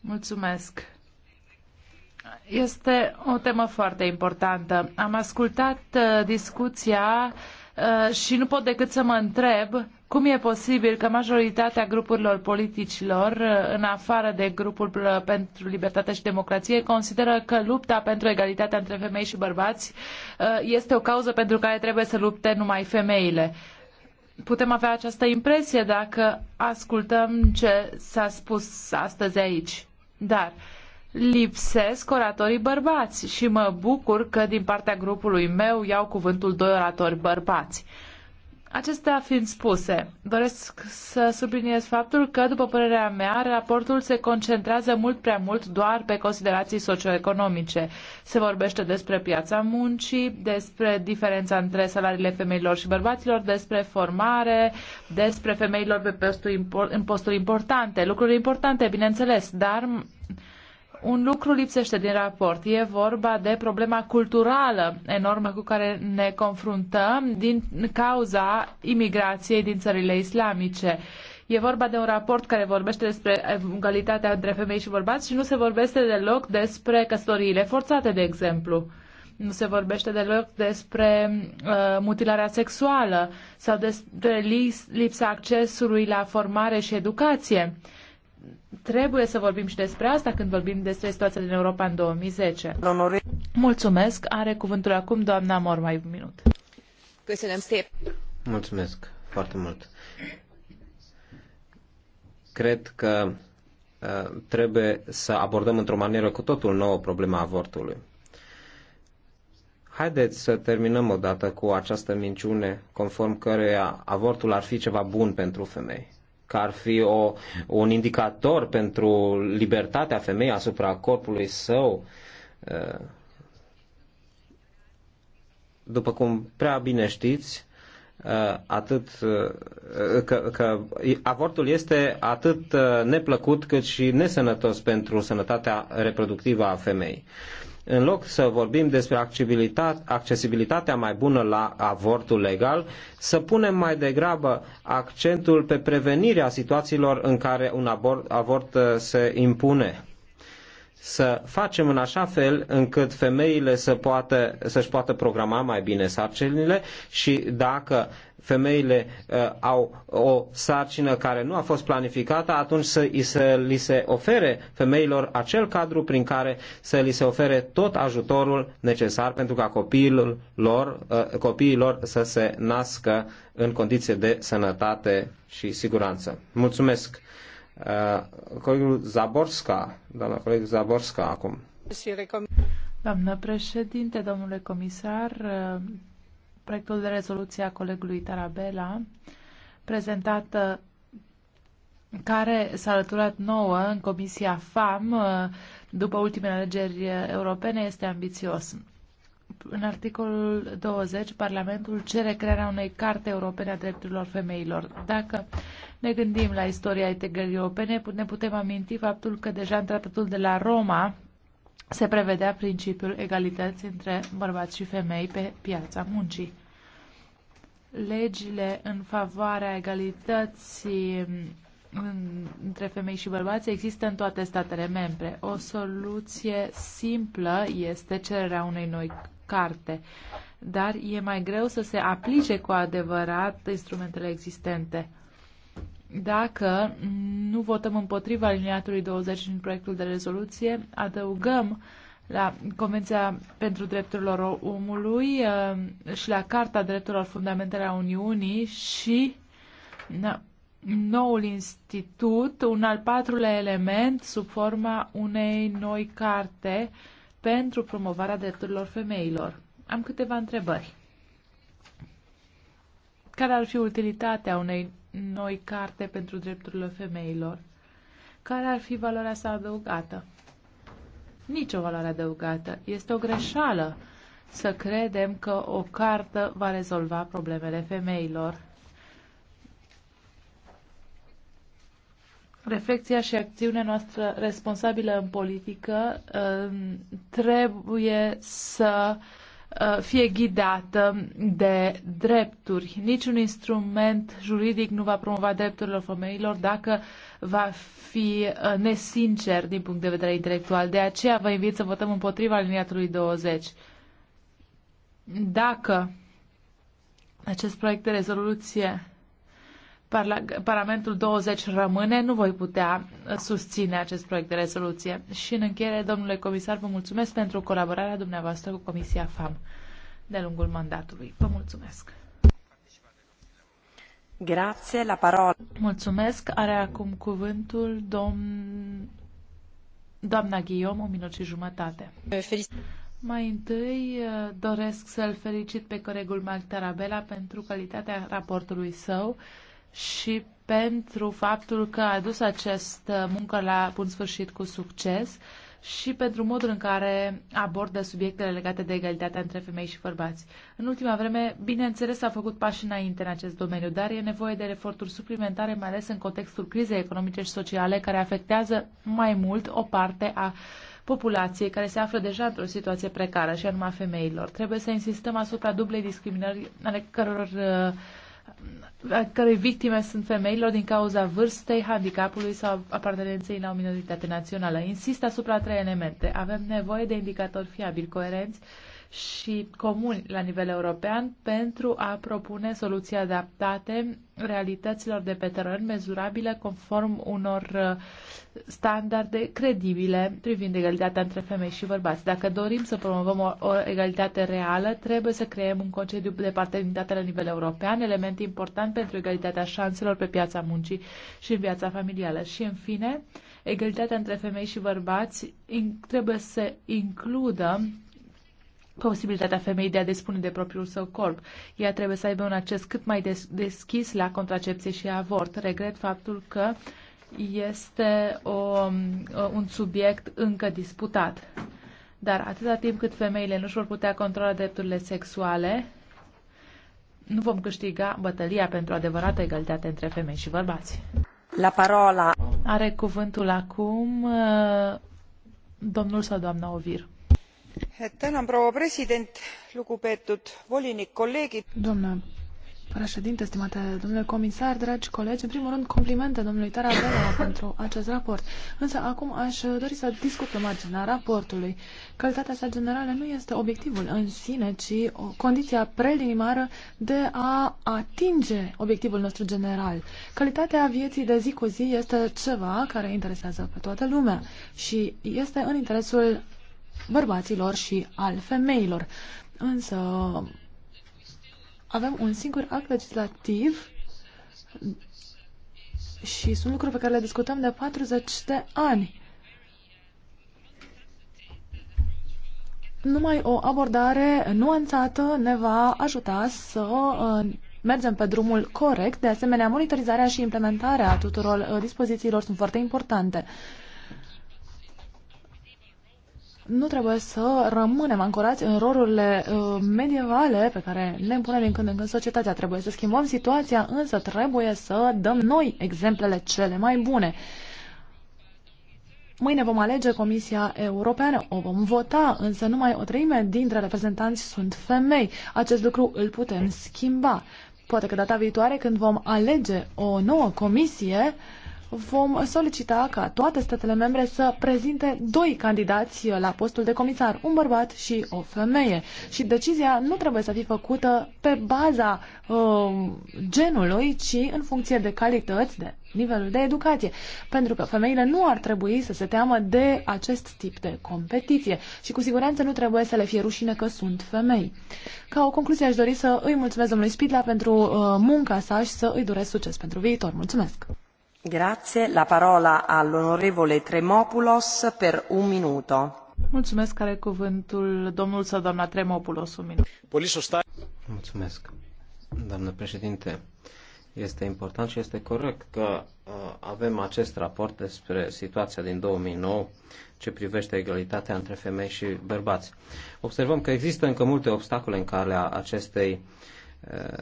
S2: Mulțumesc. Este o temă foarte importantă. Am ascultat uh, discuția uh, și nu pot decât să mă întreb cum e posibil că majoritatea grupurilor politicilor, uh, în afară de grupul pentru libertate și democrație, consideră că lupta pentru egalitatea între femei și bărbați este o cauză pentru care trebuie să lupte numai femeile. Putem avea această impresie dacă ascultăm ce s-a spus astăzi aici. Dar uh, lipsesc oratorii bărbați și mă bucur că din partea grupului meu iau cuvântul doi oratori bărbați. Acestea fiind spuse, doresc să subliniez faptul că, după părerea mea, raportul se concentrează mult prea mult doar pe considerații socioeconomice. Se vorbește despre piața muncii, despre diferența între salariile femeilor și bărbaților, despre formare, despre femeilor pe în posturi importante, lucruri importante, bineînțeles, dar un lucru lipsește din raport. E vorba de problema culturală enormă cu care ne confruntăm din cauza imigrației din țările islamice. E vorba de un raport care vorbește despre egalitatea între femei și bărbați și nu se vorbește deloc despre căsătoriile forțate, de exemplu. Nu se vorbește deloc despre uh, mutilarea sexuală sau despre lipsa accesului la formare și educație. Uh, trebuie să vorbim și despre asta când vorbim despre situația din Europa în 2010. Mulțumesc. Are cuvântul acum doamna Mor mai un minut.
S1: Mulțumesc foarte mult. Cred că uh, trebuie să abordăm într-o manieră cu totul nouă problema avortului. Haideți să terminăm odată cu această minciune conform căreia avortul ar fi ceva bun pentru femei că ar fi o, un indicator pentru libertatea femeii asupra corpului său. După cum prea bine știți, atât că, că avortul este atât neplăcut cât și nesănătos pentru sănătatea reproductivă a femeii în loc să vorbim despre accesibilitatea mai bună la avortul legal, să punem mai degrabă accentul pe prevenirea situațiilor în care un avort uh, se impune să facem în așa fel încât femeile să poată, să-și poată programa mai bine sarcinile și dacă femeile uh, au o sarcină care nu a fost planificată, atunci să, să li se ofere femeilor acel cadru prin care să li se ofere tot ajutorul necesar pentru ca copiilor lor, uh, copiilor să se nască în condiții de sănătate și siguranță. Mulțumesc! Uh, colegul Zaborska, doamna coleg Zaborska acum.
S2: Doamnă președinte, domnule comisar, uh, proiectul de rezoluție a colegului Tarabela, prezentat, uh, care s-a alăturat nouă în Comisia FAM după ultimele alegeri europene, este ambițios în articolul 20, Parlamentul cere crearea unei carte europene a drepturilor femeilor. Dacă ne gândim la istoria integrării europene, ne putem aminti faptul că deja în tratatul de la Roma se prevedea principiul egalității între bărbați și femei pe piața muncii. Legile în favoarea egalității mm, între femei și bărbați există în toate statele membre. O soluție simplă este cererea unei noi carte, dar e mai greu să se aplice cu adevărat instrumentele existente. Dacă nu votăm împotriva aliniatului 20 în proiectul de rezoluție, adăugăm la Convenția pentru Drepturile Omului uh, și la Carta Drepturilor Fundamentale a Uniunii și noul institut, un al patrulea element sub forma unei noi carte uh, pentru promovarea drepturilor femeilor. Am câteva întrebări. Care ar fi utilitatea unei noi carte pentru drepturile femeilor? Care ar fi valoarea sa adăugată? Nicio valoare adăugată. Este o greșeală să credem că o cartă va rezolva problemele femeilor. Reflecția și acțiunea noastră responsabilă în politică um, trebuie să uh, fie ghidată de drepturi. Niciun instrument juridic nu va promova drepturile femeilor dacă va fi uh, nesincer din punct de vedere intelectual. De aceea vă invit să votăm împotriva aliniatului 20. Dacă acest proiect de rezoluție Parlamentul 20 rămâne, nu voi putea susține acest proiect de rezoluție. Și în încheiere, domnule comisar, vă mulțumesc pentru colaborarea dumneavoastră cu Comisia FAM de lungul mandatului. Vă mulțumesc! Grazie, la parola. Mulțumesc. Are acum cuvântul domn... doamna Ghiom, o minut și jumătate. Mai întâi doresc să-l felicit pe colegul Marc Tarabella pentru calitatea raportului său și pentru faptul că a adus această muncă la bun sfârșit cu succes și pentru modul în care abordă subiectele legate de egalitatea între femei și bărbați. În ultima vreme, bineînțeles, s-a făcut pași înainte în acest domeniu, dar e nevoie de eforturi suplimentare, mai ales în contextul crizei economice și sociale, care afectează mai mult o parte a populației care se află deja într-o situație precară, și anume a femeilor. Trebuie să insistăm asupra dublei discriminări ale căror uh, care victime sunt femeilor din cauza vârstei, handicapului sau apartenenței la o minoritate națională. Insist asupra trei elemente. Avem nevoie de indicatori fiabili, coerenți, și comuni la nivel european pentru a propune soluții adaptate realităților de pe teren mezurabile conform unor uh, standarde credibile privind egalitatea între femei și bărbați. Dacă dorim să promovăm o, o egalitate reală, trebuie să creăm un concediu de paternitate la nivel european, element important pentru egalitatea șanselor pe piața muncii și în viața familială. Și, în fine, egalitatea între femei și bărbați trebuie să includă posibilitatea femeii de a dispune de propriul său corp. Ea trebuie să aibă un acces cât mai des- deschis la contracepție și avort. Regret faptul că este o, un subiect încă disputat. Dar atâta timp cât femeile nu și vor putea controla drepturile sexuale, nu vom câștiga bătălia pentru adevărată egalitate între femei și bărbați. La parola. Are cuvântul acum uh, domnul sau doamna Ovir
S5: volinik doamnă
S3: președintă stimate domnule comisar dragi colegi în primul rând complimente domnului tarabella pentru acest raport însă acum aș dori să discut pe marginea raportului. calitatea sa generală nu este obiectivul în sine ci o condiția preliminară de a atinge obiectivul nostru general. calitatea vieții de zi cu zi este ceva care interesează pe toată lumea și este în interesul bărbaților și al femeilor. Însă avem un singur act legislativ și sunt lucruri pe care le discutăm de 40 de ani. Numai o abordare nuanțată ne va ajuta să uh, mergem pe drumul corect. De asemenea, monitorizarea și implementarea tuturor uh, dispozițiilor sunt foarte importante nu trebuie să rămânem ancorați în rolurile uh, medievale pe care le impune din când în când societatea. Trebuie să schimbăm situația, însă trebuie să dăm noi exemplele cele mai bune. Mâine vom alege Comisia Europeană, o vom vota, însă numai o treime dintre reprezentanți sunt femei. Acest lucru îl putem schimba. Poate că data viitoare, când vom alege o nouă comisie, uh, vom solicita ca toate statele membre să prezinte doi candidați la postul de comisar, un bărbat și o femeie. Și decizia nu trebuie să fie făcută pe baza uh, genului, ci în funcție de calități, de nivelul de educație, pentru că femeile nu ar trebui să se teamă de acest tip de competiție și cu siguranță nu trebuie să le fie rușine că sunt femei. Ca o concluzie aș dori să îi mulțumesc domnului Spidla pentru uh, munca sa și să îi doresc succes pentru viitor. Mulțumesc!
S5: La parola Tremopoulos un
S2: Mulțumesc, Tremopoulos, un minut.
S1: Mulțumesc, președinte. Este important și este corect că uh, avem acest raport despre situația din 2009 ce privește egalitatea între femei și bărbați. Observăm că există încă multe obstacole în calea acestei uh, Uh,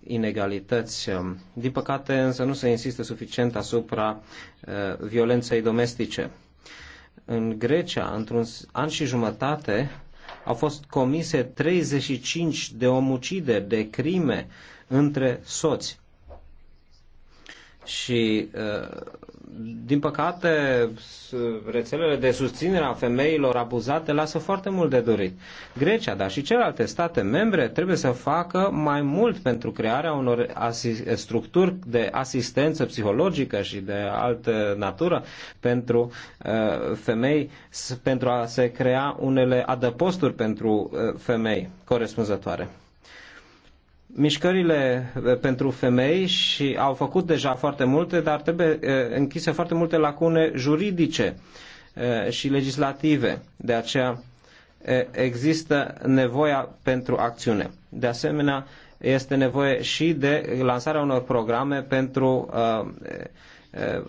S1: inegalități. Din păcate, însă nu se insistă suficient asupra uh, violenței domestice. În Grecia, într-un an și jumătate, au fost comise 35 de omucideri, de crime între soți. Și, uh, din păcate, rețelele de susținere a femeilor abuzate lasă foarte mult de dorit. Grecia, dar și celelalte state membre trebuie să facă mai mult pentru crearea unor structuri de asistență psihologică și de altă natură pentru uh, femei, pentru a se crea unele adăposturi pentru uh, femei corespunzătoare. Mișcările eh, pentru femei și au făcut deja foarte multe, dar trebuie eh, închise foarte multe lacune juridice eh, și legislative. De aceea există nevoia pentru acțiune. De asemenea, este nevoie și de lansarea unor programe pentru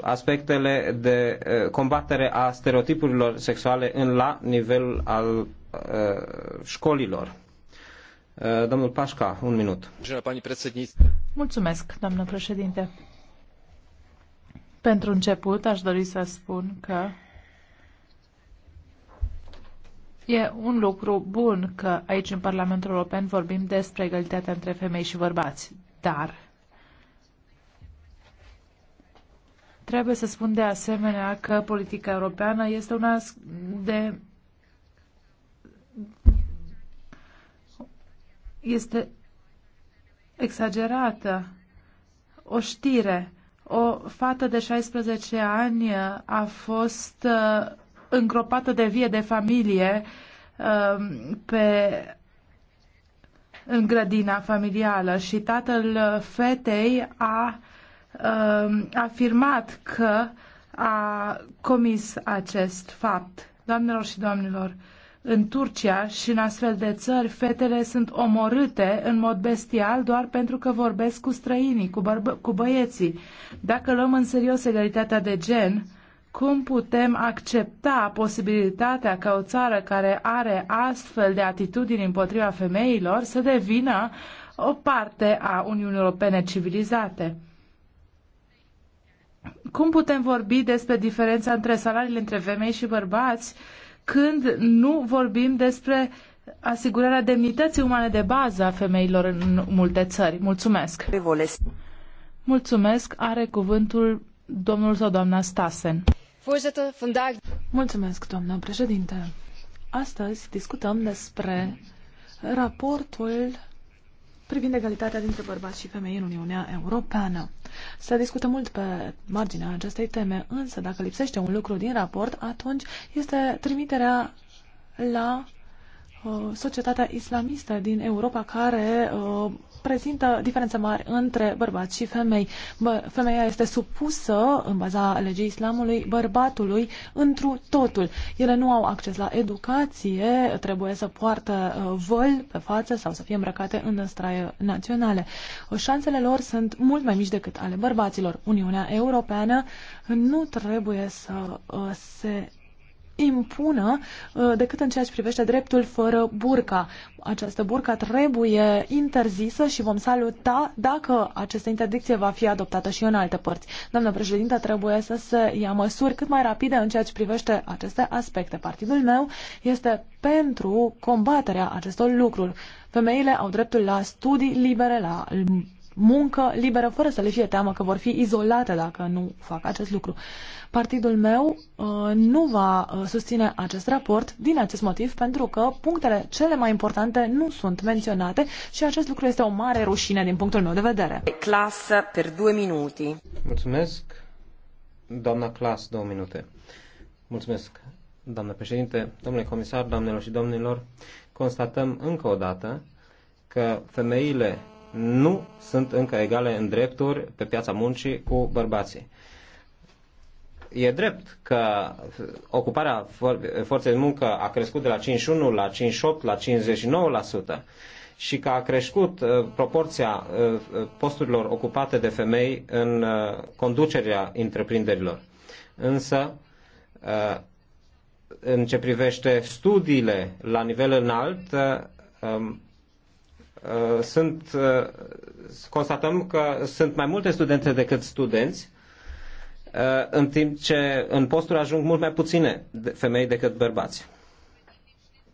S1: aspectele de combatere a stereotipurilor sexuale în la nivel al școlilor. Eh, domnul Pașca, un minut.
S2: Mulțumesc, doamnă președinte. Pentru început, aș dori să spun că e un lucru bun că aici, în Parlamentul European, vorbim despre egalitatea între femei și bărbați. Dar trebuie să spun de asemenea că politica europeană este una de este exagerată. O știre, o fată de 16 ani a fost uh, îngropată de vie de familie um, pe în grădina familială și tatăl fetei a um, afirmat că a comis acest fapt. Doamnelor și domnilor, în Turcia și în astfel de țări, fetele sunt omorâte în mod bestial doar pentru că vorbesc cu străinii, cu, bărbă- cu băieții. Dacă luăm în serios egalitatea de gen, cum putem accepta posibilitatea ca o țară care are astfel de atitudini împotriva femeilor să devină o parte a Uniunii Europene civilizate? Cum putem vorbi despre diferența între salariile între femei și bărbați când nu vorbim despre asigurarea demnității umane de bază a femeilor în multe țări. Mulțumesc! Mulțumesc! Are cuvântul domnul sau doamna Stasen. Mulțumesc, doamna președinte!
S3: Astăzi discutăm despre raportul privind egalitatea dintre bărbați și femei în Uniunea Europeană. Se discută mult pe marginea acestei teme, însă dacă lipsește un lucru din raport, atunci este trimiterea la Uh, societatea islamistă din Europa care uh, prezintă diferențe mari între bărbați și femei. femeia este supusă, în baza legii islamului, bărbatului întru totul. Ele nu au acces la educație, trebuie să poartă uh, văl pe față sau să fie îmbrăcate în straie naționale. Șansele lor sunt mult mai mici decât ale bărbaților. Uniunea Europeană nu trebuie să se impună uh, decât în ceea ce privește dreptul fără burca. Această burca trebuie interzisă și vom saluta dacă această interdicție va fi adoptată și în alte părți. Doamna președintă, trebuie să se ia măsuri cât mai rapide în ceea ce privește aceste aspecte. Partidul meu este pentru combaterea acestor lucruri. Femeile au dreptul la studii libere, la muncă liberă, fără să le fie teamă că vor fi izolate dacă nu fac acest lucru. Partidul meu uh, nu va uh, susține acest raport din acest motiv pentru că punctele cele mai importante nu sunt menționate și acest lucru este o mare rușine din punctul meu de vedere.
S1: Clasă per două minute. Mulțumesc, doamna Clas, două minute. Mulțumesc, doamna președinte, domnule comisar, doamnelor și domnilor. Constatăm încă o dată că femeile nu sunt încă egale în drepturi pe piața muncii cu bărbații. E drept că ocuparea forței de muncă a crescut de la 51 la 58 la 59% și că a crescut uh, proporția uh, posturilor ocupate de femei în uh, conducerea întreprinderilor. Însă, în ce privește studiile la nivel înalt, um, sunt, constatăm că sunt mai multe studente decât studenți Uh, în timp ce în posturi ajung mult mai puține femei decât bărbați.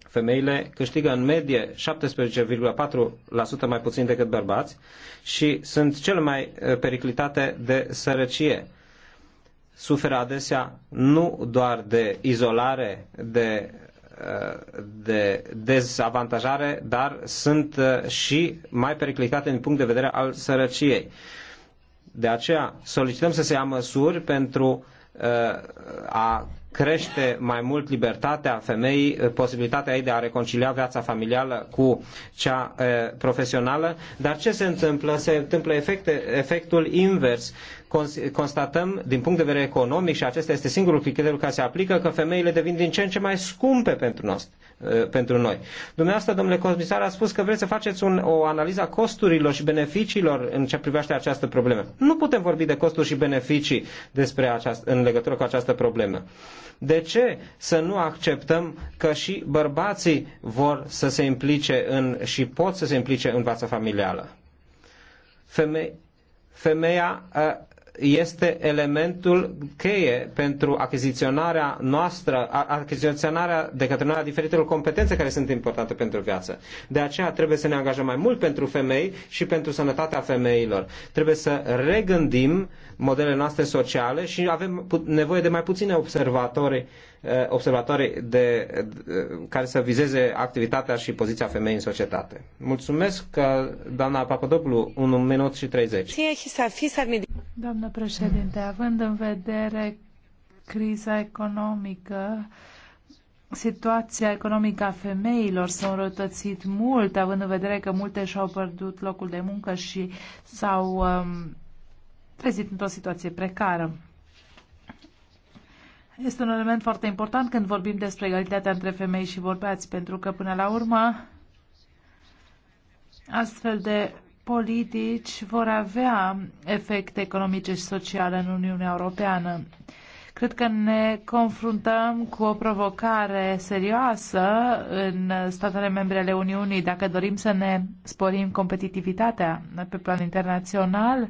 S1: Femeile câștigă în medie 17,4% mai puțin decât bărbați și sunt cele mai uh, periclitate de sărăcie. Suferă adesea nu doar de izolare, de, uh, de dezavantajare, dar sunt și mai periclitate din punct de vedere al sărăciei de aceea solicităm să se ia măsuri pentru uh, a crește mai mult libertatea femeii, uh, posibilitatea ei de a reconcilia viața familială cu cea uh, profesională, dar ce se întâmplă? Se întâmplă efecte, efectul invers constatăm din punct de vedere economic și acesta este singurul criteriu care se aplică că femeile devin din ce în ce mai scumpe pentru, nost, ă, pentru noi. Dumneavoastră, domnule comisar, a spus că vreți să faceți un, o analiză a costurilor și beneficiilor în ce privește această problemă. Nu putem vorbi de costuri și beneficii despre aceast, în legătură cu această problemă. De ce să nu acceptăm că și bărbații vor să se implice în, și pot să se implice în viața familială? Femei, femeia ă, este elementul cheie pentru achiziționarea noastră, achiziționarea de către noi a diferitelor competențe care sunt importante pentru viață. De aceea trebuie să ne angajăm mai mult pentru femei și pentru sănătatea femeilor. Trebuie să regândim modelele noastre sociale și avem nevoie de mai puține observatori Eh, observatoare de, care să vizeze activitatea și poziția femeii în societate. Mulțumesc, că doamna Papadopoulou, un minut și 30.
S2: Doamnă președinte, având în vedere criza economică, situația economică a femeilor s-a înrătățit mult, având în vedere că multe și-au pierdut locul de muncă și s-au um, trezit într-o situație precară. Este un element foarte important când vorbim despre egalitatea între femei și bărbați, pentru că până la urmă astfel de politici vor avea efecte economice și sociale în Uniunea Europeană. Cred că ne confruntăm cu o provocare serioasă în statele membre ale Uniunii. Dacă dorim să ne sporim competitivitatea pe plan internațional,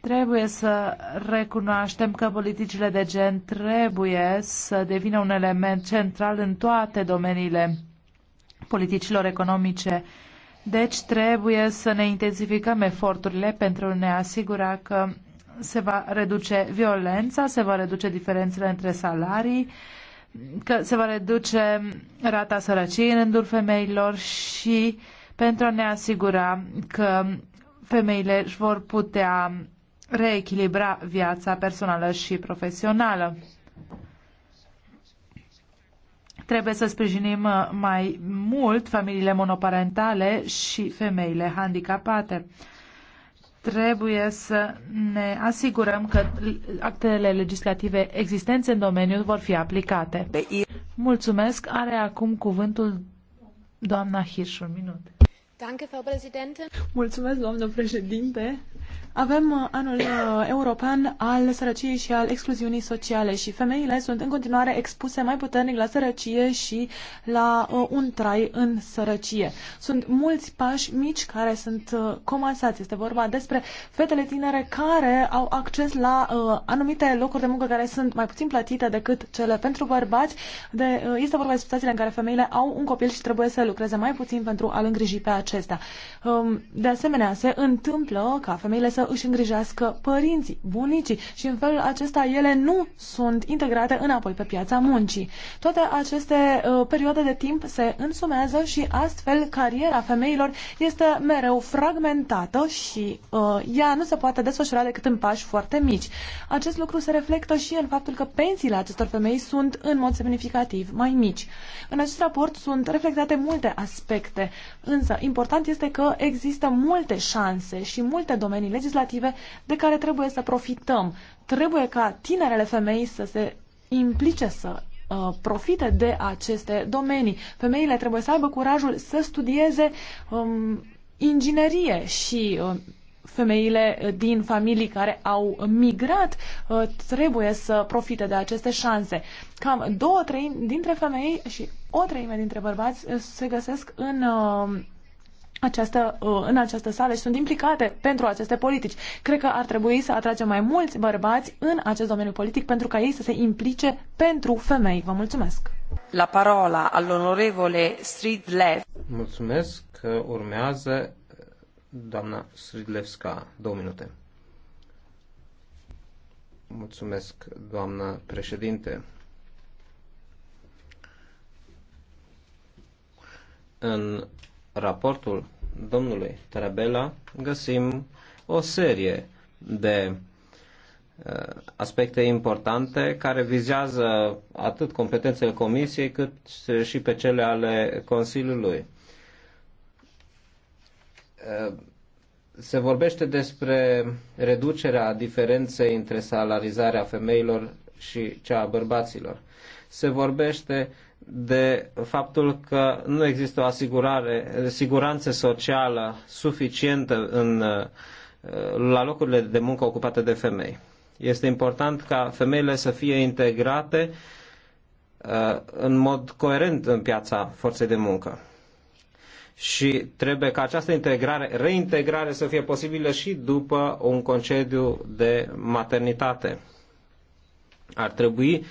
S2: Trebuie să recunoaștem că politicile de gen trebuie să devină un element central în toate domeniile politicilor economice. Deci trebuie să ne intensificăm eforturile pentru a ne asigura că se va reduce violența, se va reduce diferențele între salarii, că se va reduce rata sărăciei în rândul femeilor și pentru a ne asigura că femeile își vor putea reechilibra viața personală și profesională. Trebuie să sprijinim uh, mai mult familiile monoparentale și femeile handicapate. Trebuie să ne asigurăm că actele legislative existente în domeniu vor fi aplicate. Mulțumesc. Are acum cuvântul doamna Hirsch. Un minut.
S7: Mulțumesc,
S3: doamnă președinte. Avem uh, anul uh, european al sărăciei și al excluziunii sociale și femeile sunt în continuare expuse mai puternic la sărăcie și la uh, un trai în sărăcie. Sunt mulți pași mici care sunt comasați. Este vorba despre fetele tinere care au acces la anumite locuri de muncă care sunt mai puțin plătite decât cele pentru bărbați. De, este vorba despre situațiile în care femeile au un copil și trebuie să lucreze mai puțin pentru a-l îngriji pe acesta. Um, de asemenea, se întâmplă ca femeile să își îngrijească părinții, bunicii și în felul acesta ele nu sunt integrate înapoi pe piața muncii. Toate aceste uh, perioade de timp se însumează și astfel cariera femeilor este mereu fragmentată și uh, ea nu se poate desfășura decât în pași foarte mici. Acest lucru se reflectă și în faptul că pensiile acestor femei sunt în mod semnificativ mai mici. În acest raport sunt reflectate multe aspecte, însă important este că există multe șanse și multe domenii legislative legislative de care trebuie să profităm. Trebuie ca tinerele femei să se implice să uh, profite de aceste domenii. Femeile trebuie să aibă curajul să studieze um, inginerie și uh, femeile din familii care au migrat uh, trebuie să profite de aceste șanse. Cam două treimi dintre femei și o treime dintre bărbați uh, se găsesc în uh, această, uh, în această sală și sunt implicate pentru aceste politici. Cred că ar trebui să atragem mai mulți bărbați în acest domeniu politic pentru ca ei să se implice pentru femei. Vă mulțumesc!
S1: La parola all'onorevole Stridlev. Mulțumesc că urmează uh, doamna Stridlevska. Două minute. Mulțumesc, doamna președinte. În raportul domnului Tarabella găsim o serie de uh, aspecte importante care vizează atât competențele Comisiei cât și pe cele ale Consiliului. Uh, se vorbește despre reducerea diferenței între salarizarea femeilor și cea a bărbaților. Se vorbește de faptul că nu există o asigurare, siguranță socială suficientă în, uh, la locurile de muncă ocupate de femei. Este important ca femeile să fie integrate uh, în mod coerent în piața forței de muncă. Și trebuie ca această integrare, reintegrare să fie posibilă și după un concediu de maternitate. Ar trebui uh,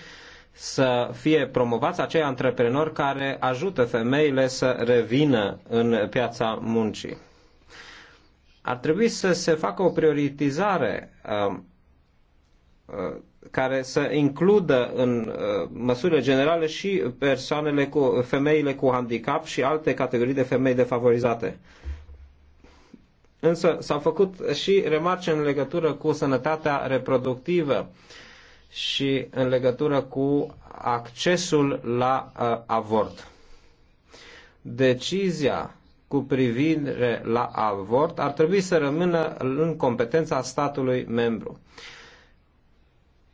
S1: să fie promovați acei antreprenori care ajută femeile să revină în piața muncii. Ar trebui să se facă o prioritizare um, uh, care să includă în uh, măsurile generale și persoanele cu femeile cu handicap și alte categorii de femei defavorizate. Însă s-au făcut și remarce în legătură cu sănătatea reproductivă și în legătură cu accesul la uh, avort. Decizia cu privire la avort ar trebui să rămână în competența statului membru.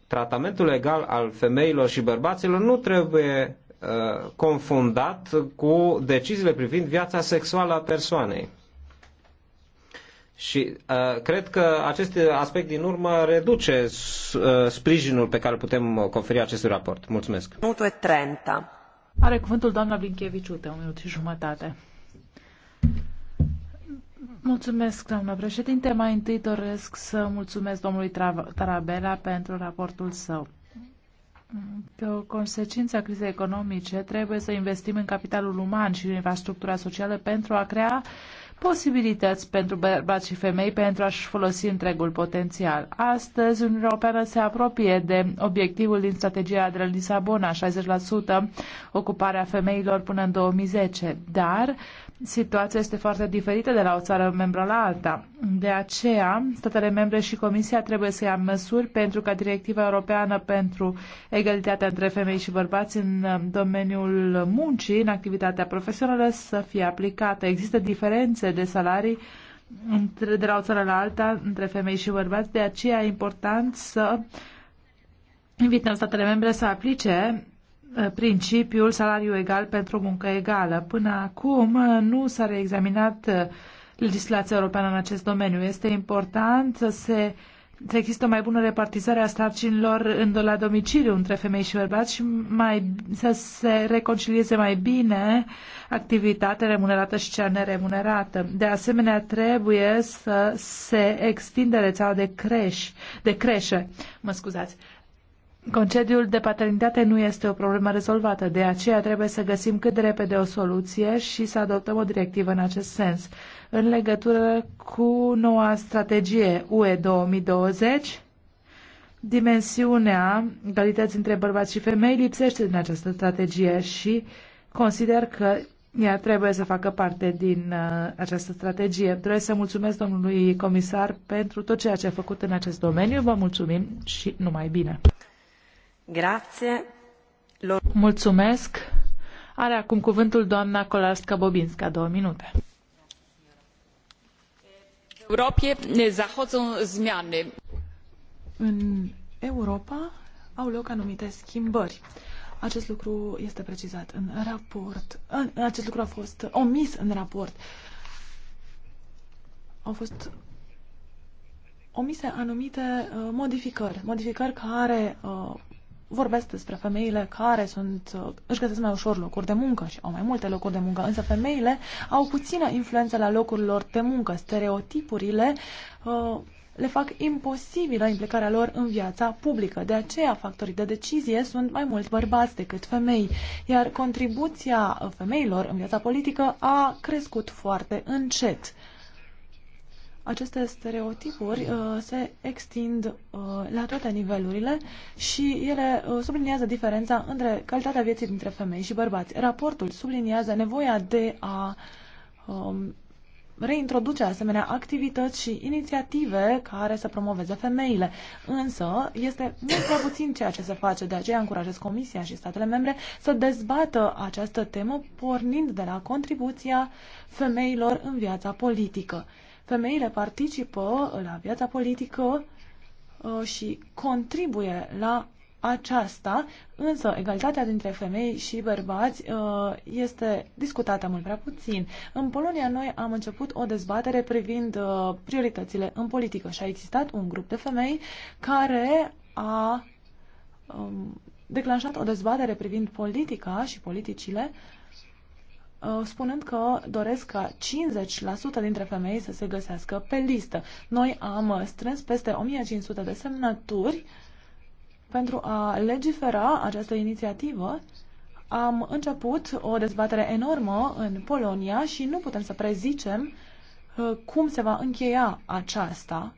S1: Tratamentul legal al femeilor și bărbaților nu trebuie uh, confundat cu deciziile privind viața sexuală a persoanei. Și uh, cred că acest aspect din urmă reduce uh, sprijinul pe care putem conferi acestui raport. Mulțumesc. Minutul 30.
S2: Are cuvântul doamna Blinkeviciute, un minut și jumătate. Mulțumesc, doamna președinte. Mai întâi doresc să mulțumesc domnului Tarabela pentru raportul său. Pe o consecință a crizei economice, trebuie să investim în capitalul uman și în infrastructura socială pentru a crea uh, posibilități pentru bărbați și femei pentru a-și folosi întregul potențial. Astăzi, Uniunea Europeană se apropie de obiectivul din strategia de la Lisabona, 60% ocuparea femeilor până în 2010, dar situația este foarte diferită de la o țară membră la alta. De aceea, statele membre și Comisia trebuie să ia măsuri pentru ca Directiva Europeană pentru Egalitatea între Femei și Bărbați în uh, domeniul muncii, în activitatea profesională, să fie aplicată. Există diferențe de salarii între, de la o țară la alta între femei și bărbați, de aceea e important să invităm statele membre să aplice Uh, principiul salariu egal pentru muncă egală. Până acum uh, nu s-a reexaminat uh, legislația europeană în acest domeniu. Este important să se să există o mai bună repartizare a sarcinilor în la domiciliu între femei și bărbați și mai, să se reconcilieze mai bine activitatea remunerată și cea neremunerată. De asemenea, trebuie să se extinde rețeaua de creș, de creșe, mă scuzați, Concediul de paternitate nu este o problemă rezolvată, de aceea trebuie să găsim cât de repede o soluție și să adoptăm o directivă în acest sens. În legătură cu noua strategie UE 2020, dimensiunea egalității între bărbați și femei lipsește din această strategie și consider că ea trebuie să facă parte din uh, această strategie. Trebuie să mulțumesc domnului comisar pentru tot ceea ce a făcut în acest domeniu. Vă mulțumim și numai bine! Mulțumesc. Are acum cuvântul doamna Kolarska-Bobinska, două minute. În Europa
S3: au loc anumite schimbări. Acest lucru este precizat în raport. Acest lucru a fost omis în raport. Au fost omise anumite uh, modificări, modificări care uh, vorbesc despre femeile care sunt, uh, își găsesc mai ușor locuri de muncă și au mai multe locuri de muncă, însă femeile au puțină influență la locurile lor de muncă. Stereotipurile uh, le fac imposibilă implicarea lor în viața publică. De aceea, factorii de decizie sunt mai mult bărbați decât femei, iar contribuția femeilor în viața politică a crescut foarte încet aceste stereotipuri uh, se extind uh, la toate nivelurile și ele uh, subliniază diferența între calitatea vieții dintre femei și bărbați. Raportul subliniază nevoia de a um, reintroduce asemenea activități și inițiative care să promoveze femeile. Însă, este mult prea puțin ceea ce se face, de aceea încurajez Comisia și statele membre să dezbată această temă pornind de la contribuția femeilor în viața politică femeile participă la viața politică uh, și contribuie la aceasta, însă egalitatea dintre femei și bărbați uh, este discutată mult prea puțin. În Polonia noi am început o dezbatere privind uh, prioritățile în politică și a existat un grup de femei care a um, declanșat o dezbatere privind politica și politicile Uh, spunând că doresc ca 50% dintre femei să se găsească pe listă. Noi am strâns peste 1500 de semnături pentru a legifera această inițiativă. Am început o dezbatere enormă în Polonia și nu putem să prezicem uh, cum se va încheia aceasta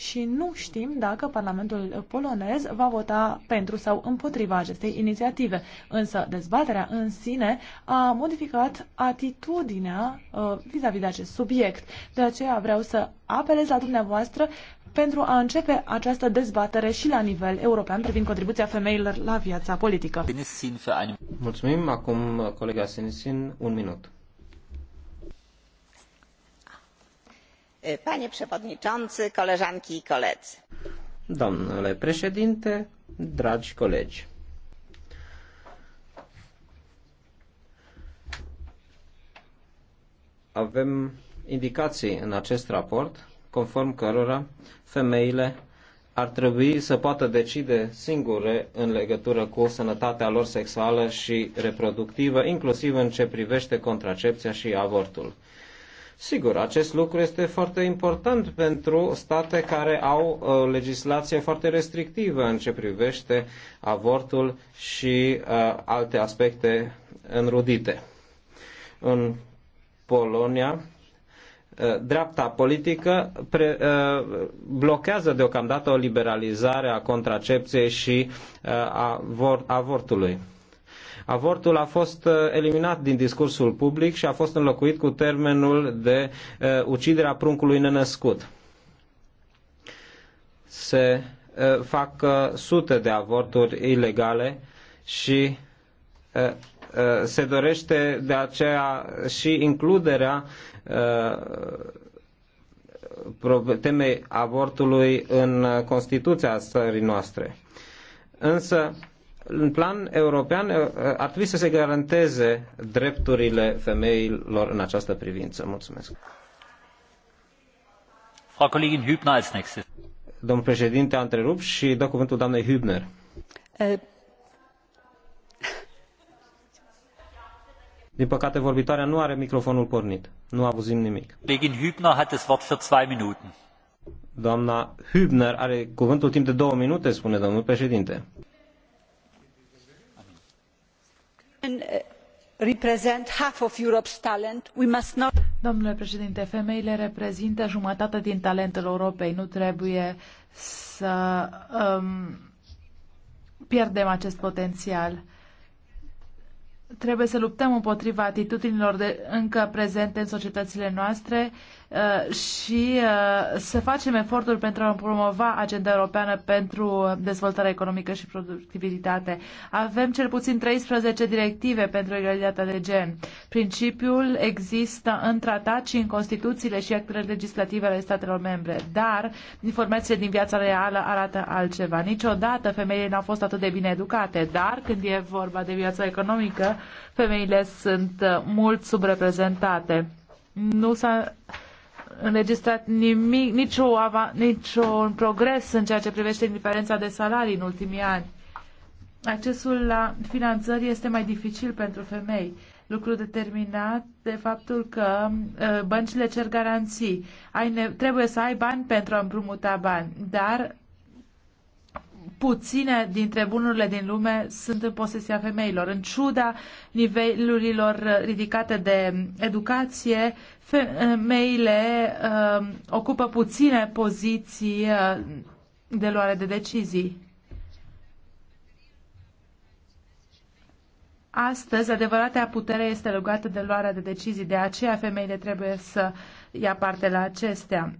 S3: și nu știm dacă Parlamentul polonez va vota pentru sau împotriva acestei inițiative. Însă dezbaterea în sine a modificat atitudinea uh, vis-a-vis uh, -vis de acest subiect. De aceea vreau să apelez la dumneavoastră pentru a începe această dezbatere și la nivel european privind contribuția
S1: femeilor la viața politică. Mulțumim. Acum colega Sinisin, un minut.
S7: Panie przewodniczący, koleżanki i koledzy.
S1: Domnule președinte, dragi colegi. Avem indicații în acest raport conform cărora femeile ar trebui să poată decide singure în legătură cu sănătatea lor sexuală și reproductivă, inclusiv în ce privește contracepția și avortul. Sigur, acest lucru este foarte important pentru state care au uh, legislație foarte restrictivă în ce privește avortul și uh, alte aspecte înrudite. În Polonia, uh, dreapta politică pre, uh, blochează deocamdată o liberalizare a contracepției și uh, a avortului. Avortul a fost uh, eliminat din discursul public și a fost înlocuit cu termenul de uh, uciderea pruncului nenăscut. Se uh, fac uh, sute de avorturi ilegale și uh, uh, se dorește de aceea și includerea uh, temei avortului în uh, Constituția țării noastre. Însă, în plan european ar trebui să se garanteze drepturile femeilor în această privință. Mulțumesc.
S4: Frau Kollegin Hübner als nächste.
S1: Domnul președinte a întrerupt și dă cuvântul doamnei Hübner. Din păcate, vorbitoarea nu are microfonul pornit. Nu auzim nimic.
S4: Kollegin Hübner hat das Wort für zwei
S1: Minuten. Doamna Hübner are cuvântul timp de două minute, spune domnul președinte.
S2: Domnule președinte, femeile reprezintă jumătate din talentul Europei. Nu trebuie să um, pierdem acest potențial. Trebuie să luptăm împotriva atitudinilor încă prezente în societățile noastre Uh, și uh, să facem eforturi pentru a promova agenda europeană pentru dezvoltare economică și productivitate. Avem cel puțin 13 directive pentru egalitatea de gen. Principiul există în tratat și în Constituțiile și actele legislative ale statelor membre, dar informațiile din viața reală arată altceva. Niciodată femeile n-au fost atât de bine educate, dar când e vorba de viața economică, femeile sunt uh, mult subreprezentate. Nu s-a înregistrat nimic, nicio, niciun progres în ceea ce privește diferența de salarii în ultimii ani. Accesul la finanțări este mai dificil pentru femei, lucru determinat de faptul că ă, băncile cer garanții. Ai ne- trebuie să ai bani pentru a împrumuta bani, dar puține dintre bunurile din lume sunt în posesia femeilor. În ciuda nivelurilor ridicate de educație, femeile uh, ocupă puține poziții uh, de luare de decizii. Astăzi, adevărata putere este legată de luarea de decizii, de aceea femeile trebuie să ia parte la acestea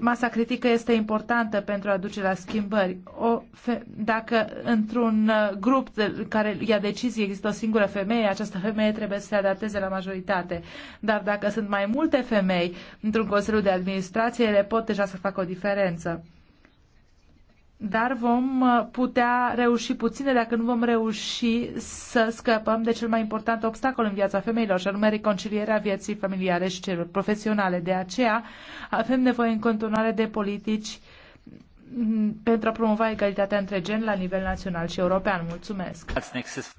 S2: masa critică este importantă pentru a duce la schimbări. O dacă într-un uh, grup de, care ia decizii există o singură femeie, această femeie trebuie să se adapteze la majoritate. Dar dacă sunt mai multe femei într-un consiliu de administrație, ele pot deja să facă o diferență dar vom uh, putea reuși puține dacă nu vom reuși să scăpăm de cel mai important obstacol în viața femeilor, și anume reconcilierea vieții familiale și celor profesionale. De aceea avem nevoie în continuare de politici mm, pentru a promova egalitatea între gen la nivel național și european. Mulțumesc!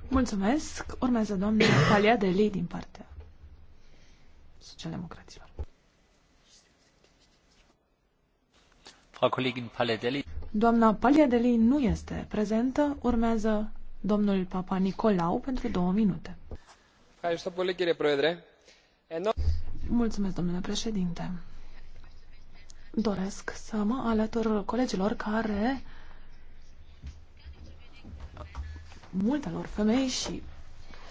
S2: Mulțumesc! Urmează domnul Palia Lei din
S3: partea socialdemocraților.
S4: Frau Kollegin Paladelli.
S3: Doamna Paliadeli nu este prezentă. Urmează domnul Papa Nicolau pentru două minute. Mulțumesc, domnule președinte. Doresc să mă alătur colegilor care multelor femei și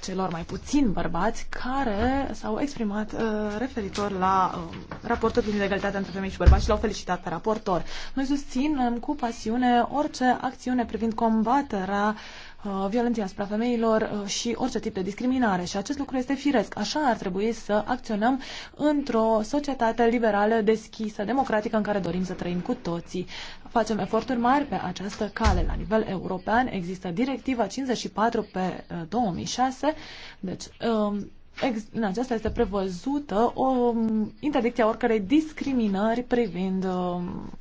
S3: celor mai puțin bărbați care s-au exprimat uh, referitor la uh, raportul din egalitatea între femei și bărbați și l-au felicitat pe raportor. Noi susținem cu pasiune orice acțiune privind combaterea Uh, violenții asupra femeilor uh, și orice tip de discriminare. Și acest lucru este firesc. Așa ar trebui să acționăm într-o societate liberală, deschisă, democratică, în care dorim să trăim cu toții. Facem eforturi mari pe această cale. La nivel european există directiva 54 pe 2006, uh, deci um, în aceasta este prevăzută o um, interdicție oricărei discriminări privind um,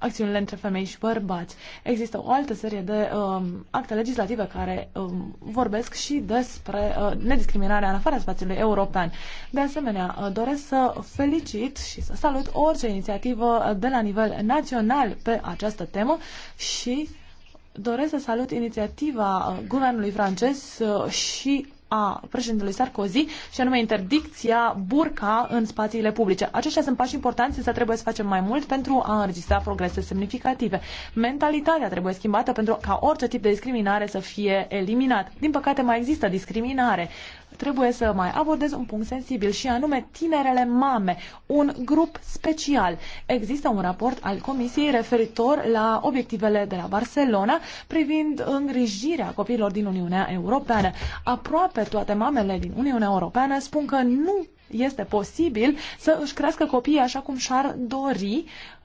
S3: acțiunile între femei și bărbați. Există o altă serie de um, acte legislative care um, vorbesc și despre uh, nediscriminarea în afara spațiului european. De asemenea, uh, doresc să felicit și să salut orice inițiativă de la nivel național pe această temă și doresc să salut inițiativa uh, guvernului francez uh, și a președintelui Sarkozy, și anume interdicția burca în spațiile publice. Aceștia sunt pași importanți, însă trebuie să facem mai mult pentru a înregistra progrese semnificative. Mentalitatea trebuie schimbată pentru ca orice tip de discriminare să fie eliminat. Din păcate, mai există discriminare trebuie să mai abordez un punct sensibil și anume tinerele mame, un grup special. Există un raport al Comisiei referitor la obiectivele de la Barcelona privind îngrijirea copiilor din Uniunea Europeană. Aproape toate mamele din Uniunea Europeană spun că nu este posibil să își crească copiii așa cum și-ar dori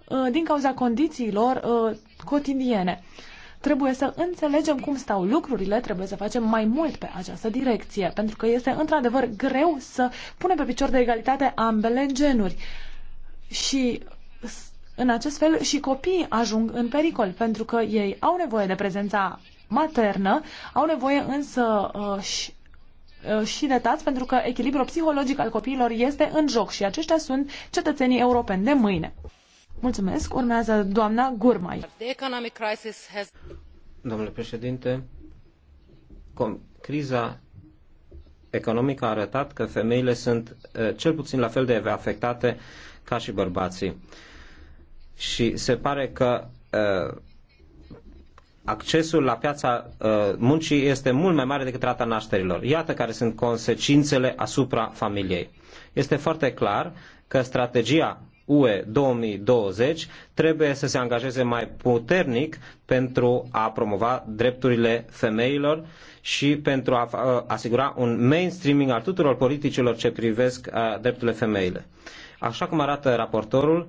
S3: uh, din cauza condițiilor uh, cotidiene. Uh, Trebuie să înțelegem cum stau lucrurile, trebuie să facem mai mult pe această direcție, pentru că este într-adevăr greu să punem pe picior de egalitate ambele genuri. Și în acest fel și copiii ajung în pericol, pentru că ei au nevoie de prezența maternă, au nevoie însă uh, și, uh, și de tați, pentru că echilibrul psihologic al copiilor este în joc și aceștia sunt cetățenii europeni de mâine. Mulțumesc. Urmează doamna Gurmai.
S1: Domnule președinte, criza economică a arătat că femeile sunt eh, cel puțin la fel de afectate ca și bărbații. Și se pare că eh, accesul la piața eh, muncii este mult mai mare decât rata nașterilor. Iată care sunt consecințele asupra familiei. Este foarte clar că strategia UE 2020 trebuie să se angajeze mai puternic pentru a promova drepturile femeilor și pentru a asigura un mainstreaming al tuturor politicilor ce privesc drepturile femeile. Așa cum arată raportorul,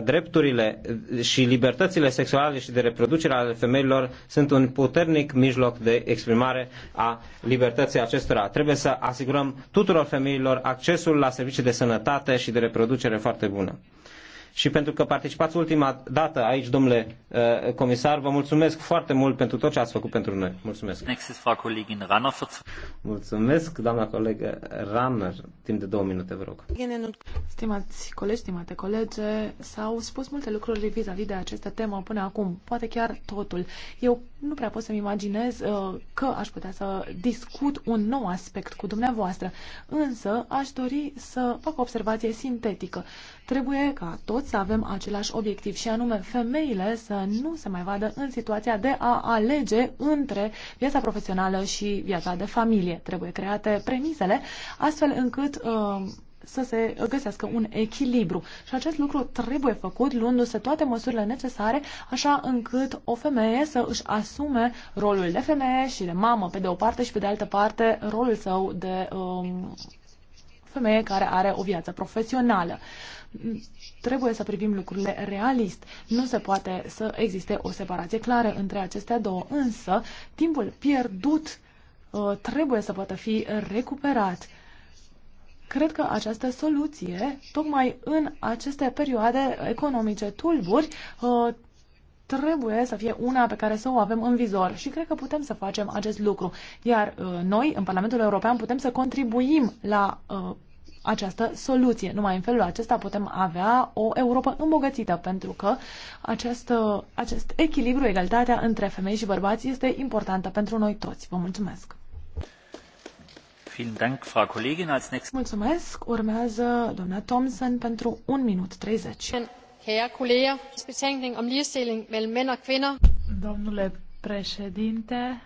S1: drepturile și libertățile sexuale și de reproducere ale femeilor sunt un puternic mijloc de exprimare a libertății acestora. Trebuie să asigurăm tuturor femeilor accesul la servicii de sănătate și de reproducere foarte bună și pentru că participați ultima dată aici, domnule uh, comisar. Vă mulțumesc foarte mult pentru tot ce ați făcut pentru noi. Mulțumesc. Mulțumesc, doamna colegă Ranner, timp de două minute, vă rog.
S3: Stimați colegi, stimate colege, s-au spus multe lucruri vis-a-vis -vis de această temă până acum, poate chiar totul. Eu nu prea pot să-mi imaginez uh, că aș putea să discut un nou aspect cu dumneavoastră, însă aș dori să fac o observație sintetică. Trebuie ca toți să avem același obiectiv și anume femeile să nu se mai vadă în situația de a alege între viața profesională și viața de familie. Trebuie create premisele astfel încât uh, să se găsească un echilibru. Și acest lucru trebuie făcut luându-se toate măsurile necesare, așa încât o femeie să își asume rolul de femeie și de mamă, pe de o parte, și pe de altă parte, rolul său de um, femeie care are o viață profesională. Trebuie să privim lucrurile realist. Nu se poate să existe o separație clară între acestea două, însă timpul pierdut uh, trebuie să poată fi recuperat Cred că această soluție, tocmai în aceste perioade economice tulburi, uh, trebuie să fie una pe care să o avem în vizor și cred că putem să facem acest lucru. Iar uh, noi, în Parlamentul European, putem să contribuim la uh, această soluție. Numai în felul acesta putem avea o Europa îmbogățită, pentru că acest, acest echilibru, egalitatea între femei și bărbați este importantă pentru noi toți. Vă mulțumesc! Mulțumesc. Urmează doamna Thompson pentru un minut 30.
S2: Domnule președinte,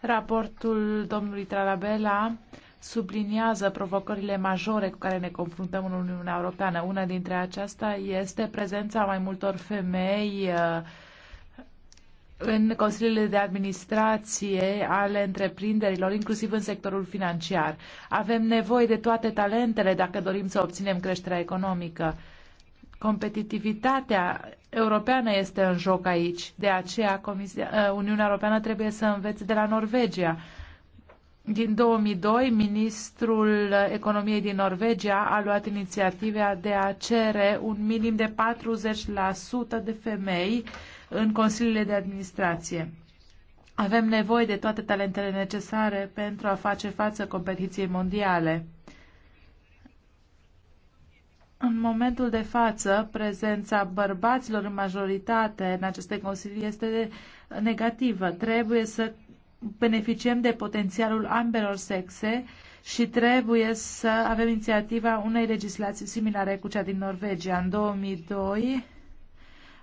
S2: raportul domnului Tarabella subliniază provocările majore cu care ne confruntăm în Uniunea Europeană. Una dintre acestea este prezența mai multor femei uh, în consiliile de administrație ale întreprinderilor, inclusiv în sectorul financiar. Avem nevoie de toate talentele dacă dorim să obținem creșterea economică. Competitivitatea europeană este în joc aici, de aceea Comisia, uh, Uniunea Europeană trebuie să învețe de la Norvegia. Din 2002, ministrul economiei din Norvegia a luat inițiativa de a cere un minim de 40% de femei uh, în consiliile de administrație. Avem nevoie de toate talentele necesare pentru a face față competiției mondiale. În momentul de față, prezența bărbaților în majoritate în aceste consilii este negativă. Trebuie să beneficiem de potențialul ambelor sexe și trebuie să avem inițiativa unei legislații similare cu cea din Norvegia. În 2002,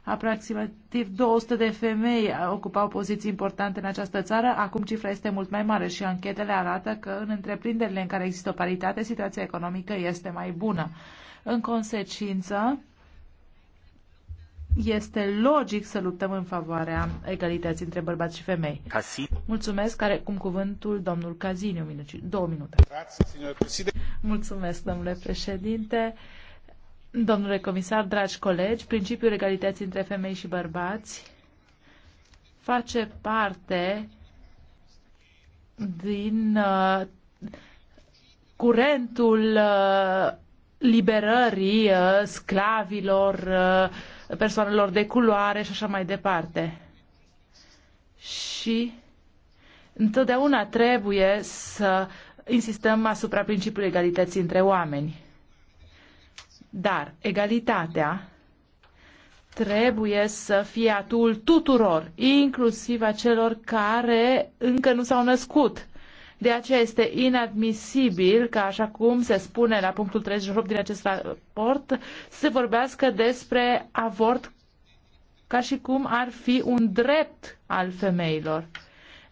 S2: Aproximativ 200 de femei ocupau poziții importante în această țară, acum cifra este mult mai mare și anchetele arată că în întreprinderile în care există o paritate, situația economică este mai bună. În consecință, este logic să luptăm în favoarea egalității între bărbați și femei. Casi. Mulțumesc, care cum cuvântul domnul Cazini, două minute. Mulțumesc, domnule președinte. Domnule comisar, dragi colegi, principiul egalității între femei și bărbați face parte din uh, curentul uh, liberării uh, sclavilor, persoanelor de culoare și așa mai departe. Și întotdeauna trebuie să insistăm asupra principiului egalității între oameni. Dar egalitatea trebuie să fie atul tuturor, inclusiv a celor care încă nu s-au născut. De aceea este inadmisibil că, așa cum se spune la punctul 38 din acest raport, se vorbească despre avort ca și cum ar fi un drept al femeilor.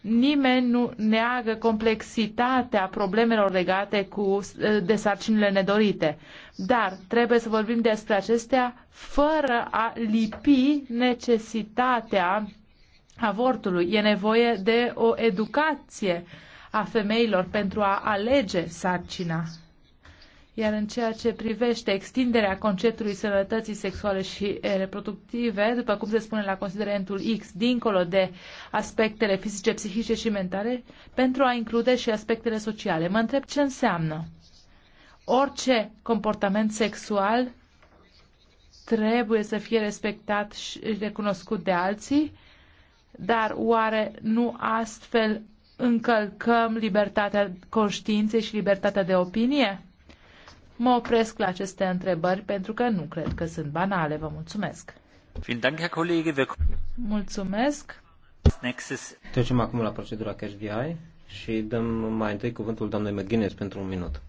S2: Nimeni nu neagă complexitatea problemelor legate cu, eh, de sarcinile nedorite, dar trebuie să vorbim despre acestea fără a lipi necesitatea avortului. E nevoie de o educație a femeilor pentru a alege sarcina iar în ceea ce privește extinderea conceptului sănătății sexuale și reproductive, după cum se spune la considerentul X, dincolo de aspectele fizice, psihice și mentale, pentru a include și aspectele sociale. Mă întreb ce înseamnă. Orice comportament sexual trebuie să fie respectat și recunoscut de alții, dar oare nu astfel încălcăm libertatea conștiinței și libertatea de opinie? Mă opresc la aceste întrebări pentru că nu cred că sunt banale. Vă mulțumesc. Mulțumesc.
S1: Trecem acum la procedura Cash DI și dăm mai întâi cuvântul doamnei McGuinness pentru un minut.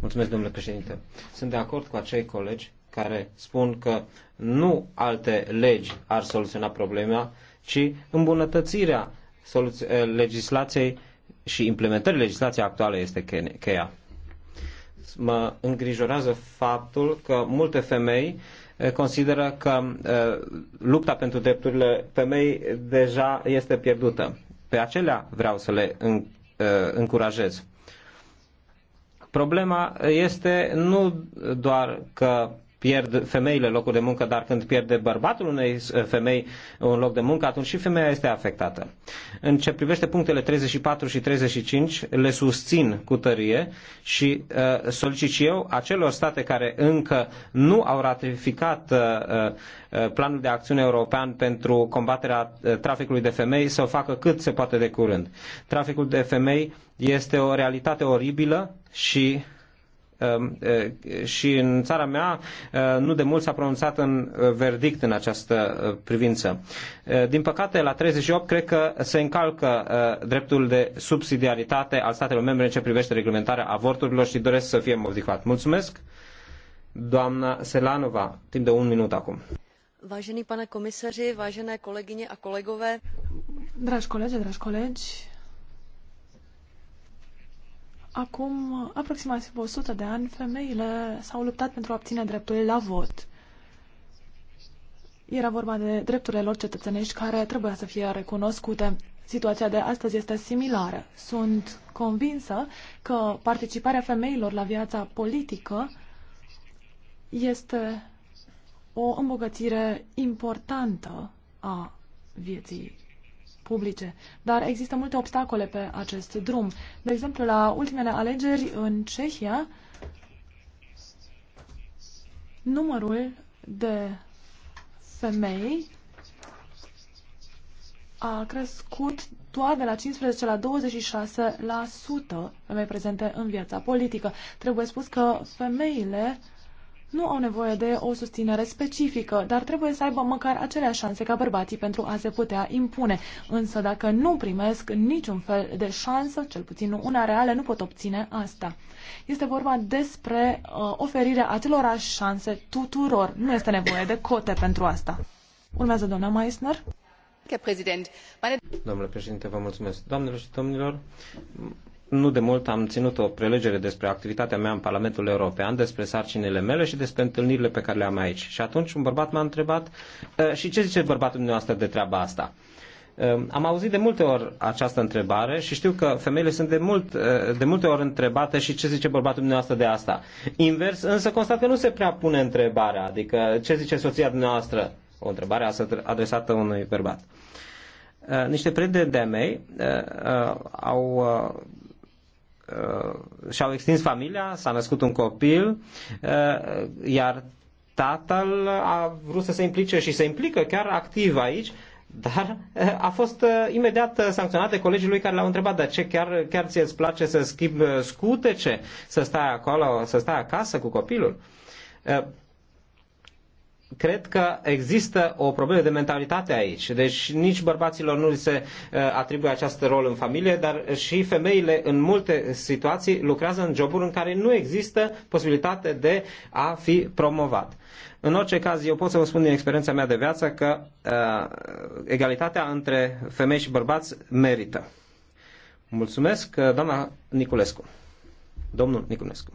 S1: Mulțumesc, domnule președinte. Sunt de acord cu acei colegi care spun că nu alte legi ar soluționa problema, ci îmbunătățirea eh, legislației și implementării legislației actuale este cheia mă îngrijorează faptul că multe femei eh, consideră că eh, lupta pentru drepturile femei deja este pierdută. Pe acelea vreau să le eh, încurajez. Problema este nu doar că pierd femeile locul de muncă, dar când pierde bărbatul unei uh, femei un loc de muncă, atunci și femeia este afectată. În ce privește punctele 34 și 35, le susțin cu tărie și uh, solicit și eu acelor state care încă nu au ratificat uh, uh, uh planul de acțiune european pentru combaterea traficului de femei să o facă cât se poate de curând. Traficul de femei este o realitate oribilă și uh, Um, uh, și în țara mea uh, nu de mult s-a pronunțat în uh, verdict în această privință. Din păcate, la 38 cred că se încalcă dreptul de subsidiaritate al statelor membre în ce privește reglementarea avorturilor și doresc să fie modificat. Mulțumesc, doamna Selanova, timp de un minut acum.
S6: Vážený pane komisaři, vážené kolegyně a kolegové. Dragi colegi,
S3: dragi colegi, Acum aproximativ 100 de ani, femeile s-au luptat pentru a obține dreptul la vot. Era vorba de drepturile lor cetățenești care trebuia să fie recunoscute. Situația de astăzi este similară. Sunt convinsă că participarea femeilor la viața politică este o îmbogățire importantă a vieții publice. Dar există multe obstacole pe acest drum. De exemplu, la ultimele alegeri în Cehia, numărul de femei
S7: a crescut
S3: doar de la 15 la 26% femei prezente în viața politică. Trebuie spus că femeile nu au nevoie de o susținere specifică, dar trebuie să aibă măcar aceleași șanse ca bărbații pentru a se putea impune. Însă dacă nu primesc niciun fel de șansă, cel puțin una reală, nu pot obține asta. Este vorba despre uh, oferirea acelorași șanse tuturor. Nu este nevoie de cote pentru asta. Urmează doamna Meissner.
S1: Domnule președinte, vă mulțumesc. Doamnelor și domnilor, nu de mult am ținut o prelegere despre activitatea mea în Parlamentul European, despre sarcinile mele și despre întâlnirile pe care le am aici. Și atunci un bărbat m-a întrebat, și ce zice bărbatul dumneavoastră de treaba asta? Am auzit de multe ori această întrebare și știu că femeile sunt de, mult, de multe ori întrebate și ce zice bărbatul dumneavoastră de asta. Invers, însă constat că nu se prea pune întrebarea, adică ce zice soția dumneavoastră? O întrebare adresată unui bărbat. Niște prieteni de mei au Uh, și-au extins familia, s-a născut un copil, uh, iar tatăl a vrut să se implice și se implică chiar activ aici, dar uh, a fost imediat sancționat de colegii lui care l-au întrebat de ce chiar, chiar ți îți place să schimbi scutece, să stai acolo, să stai acasă cu copilul cred că există o problemă de mentalitate aici. Deci nici bărbaților nu li se uh, atribuie această rol în familie, dar și femeile în multe situații lucrează în joburi în care nu există posibilitate de a fi promovat. În orice caz, eu pot să vă spun din experiența mea de viață că uh, egalitatea între femei și bărbați merită. Mulțumesc, uh, doamna Niculescu. Domnul Niculescu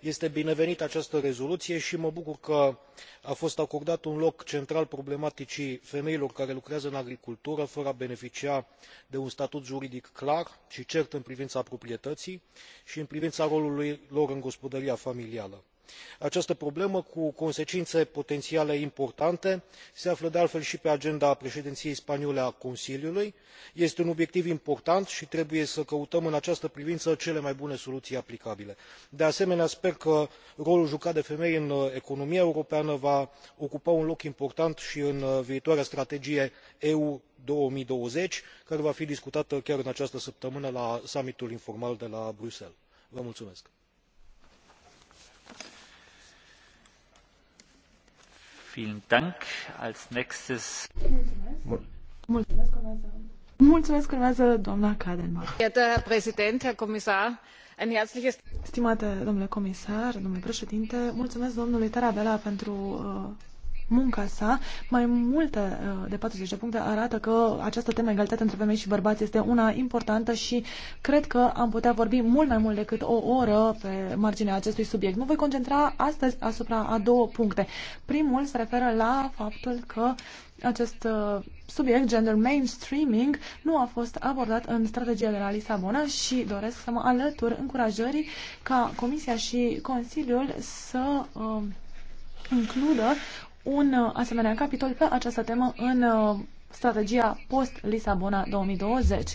S1: este binevenită această rezoluție și mă bucur că a fost acordat un loc central problematicii femeilor care lucrează în agricultură fără a beneficia de un statut juridic clar și cert în privința proprietăii și în privința rolului lor în gospodăria familială această problemă cu consecine poteniale importante se află de altfel i pe agenda preediniei spaniole a consiliului este un obiectiv important i trebuie să căutăm în această privină cele mai bune soluii aplicabile. de asemenea sper că rolul jucat de femei în uh, economia europeană va ocupa un loc important i în uh, viitoarea strategie ue două mii douăzeci care va fi discutată chiar în această săptămână la summitul informal de la bruxelles.
S3: Mulțumesc, urmează. Mulțumesc, urmează doamna Kadenbach. Herr
S2: Präsident, Herr Kommissar,
S3: ein herzliches... Stimate domnule comisar, domnule președinte, mulțumesc domnului Tarabella pentru uh, munca sa. Mai multe uh, de 40 de puncte arată că această temă egalitate între femei și bărbați este una importantă și cred că am putea vorbi mult mai mult decât o oră pe marginea acestui subiect. Mă voi concentra astăzi asupra a două puncte. Primul se referă la faptul că acest uh, subiect, gender mainstreaming, nu a fost abordat în strategia de la Lisabona și doresc să mă alătur încurajării ca Comisia și Consiliul să uh, includă un uh, asemenea capitol pe această temă în uh, strategia post-Lisabona 2020.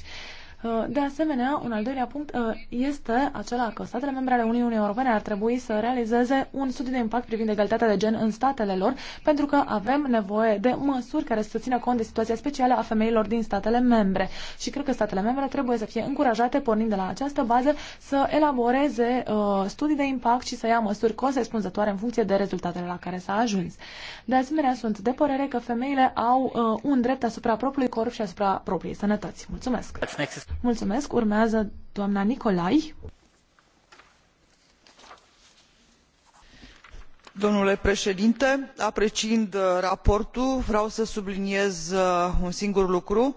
S3: Uh, de asemenea, un al doilea punct uh, este acela că statele membre ale Uniunii Europene ar trebui să realizeze un studiu de impact privind egalitatea de gen în statele lor, pentru că avem nevoie de măsuri care să țină cont de situația specială a femeilor din statele membre. Și cred că statele membre trebuie să fie încurajate, pornind de la această bază, să elaboreze uh, studii de impact și să ia măsuri corespunzătoare în funcție de rezultatele la care s-a ajuns. De asemenea, sunt de părere că femeile au un drept asupra propriului corp și asupra propriei sănătăți. Mulțumesc! Mulțumesc. Urmează doamna Nicolai.
S6: Domnule președinte, apreciind uh, raportul, vreau să subliniez uh, un singur lucru.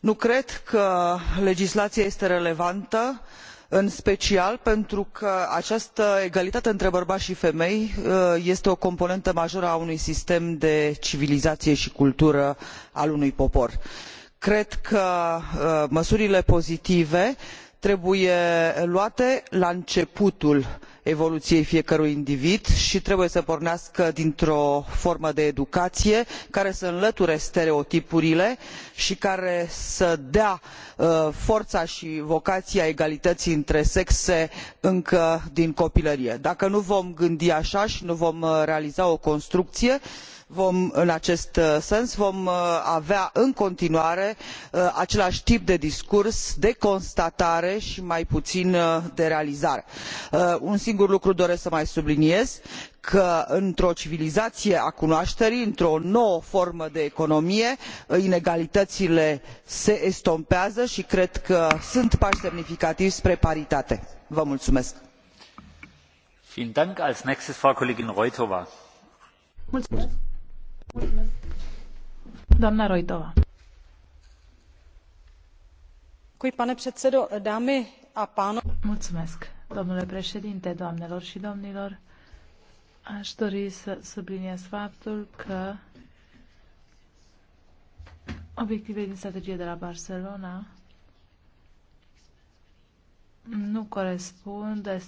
S6: Nu cred că legislația este relevantă, în special pentru că această egalitate între bărbați și femei uh, este o componentă majoră a unui sistem de civilizație și cultură al unui popor cred că uh, măsurile pozitive trebuie luate la începutul evoluiei fiecărui individ i trebuie să pornească dintr o formă de educaie care să înlăture stereotipurile i care să dea uh, fora i vocaia egalităii între sexe încă din copilărie. dacă nu vom gândi aa i nu vom uh, realiza o construcie vom, în acest uh, sens vom uh, avea în continuare uh, acelai tip de discurs de constatare i mai puin de realizare. un singur lucru doresc să mai subliniez că într o civilizaie a cunoaterii într o nouă formă de economie inegalităile se estompează i cred că sunt pai semnificativi spre paritate.
S4: vă
S2: pane předsedající președinte, Aș dori să subliniez faptul că obiectivele din strategia de la Barcelona nu corespund eh,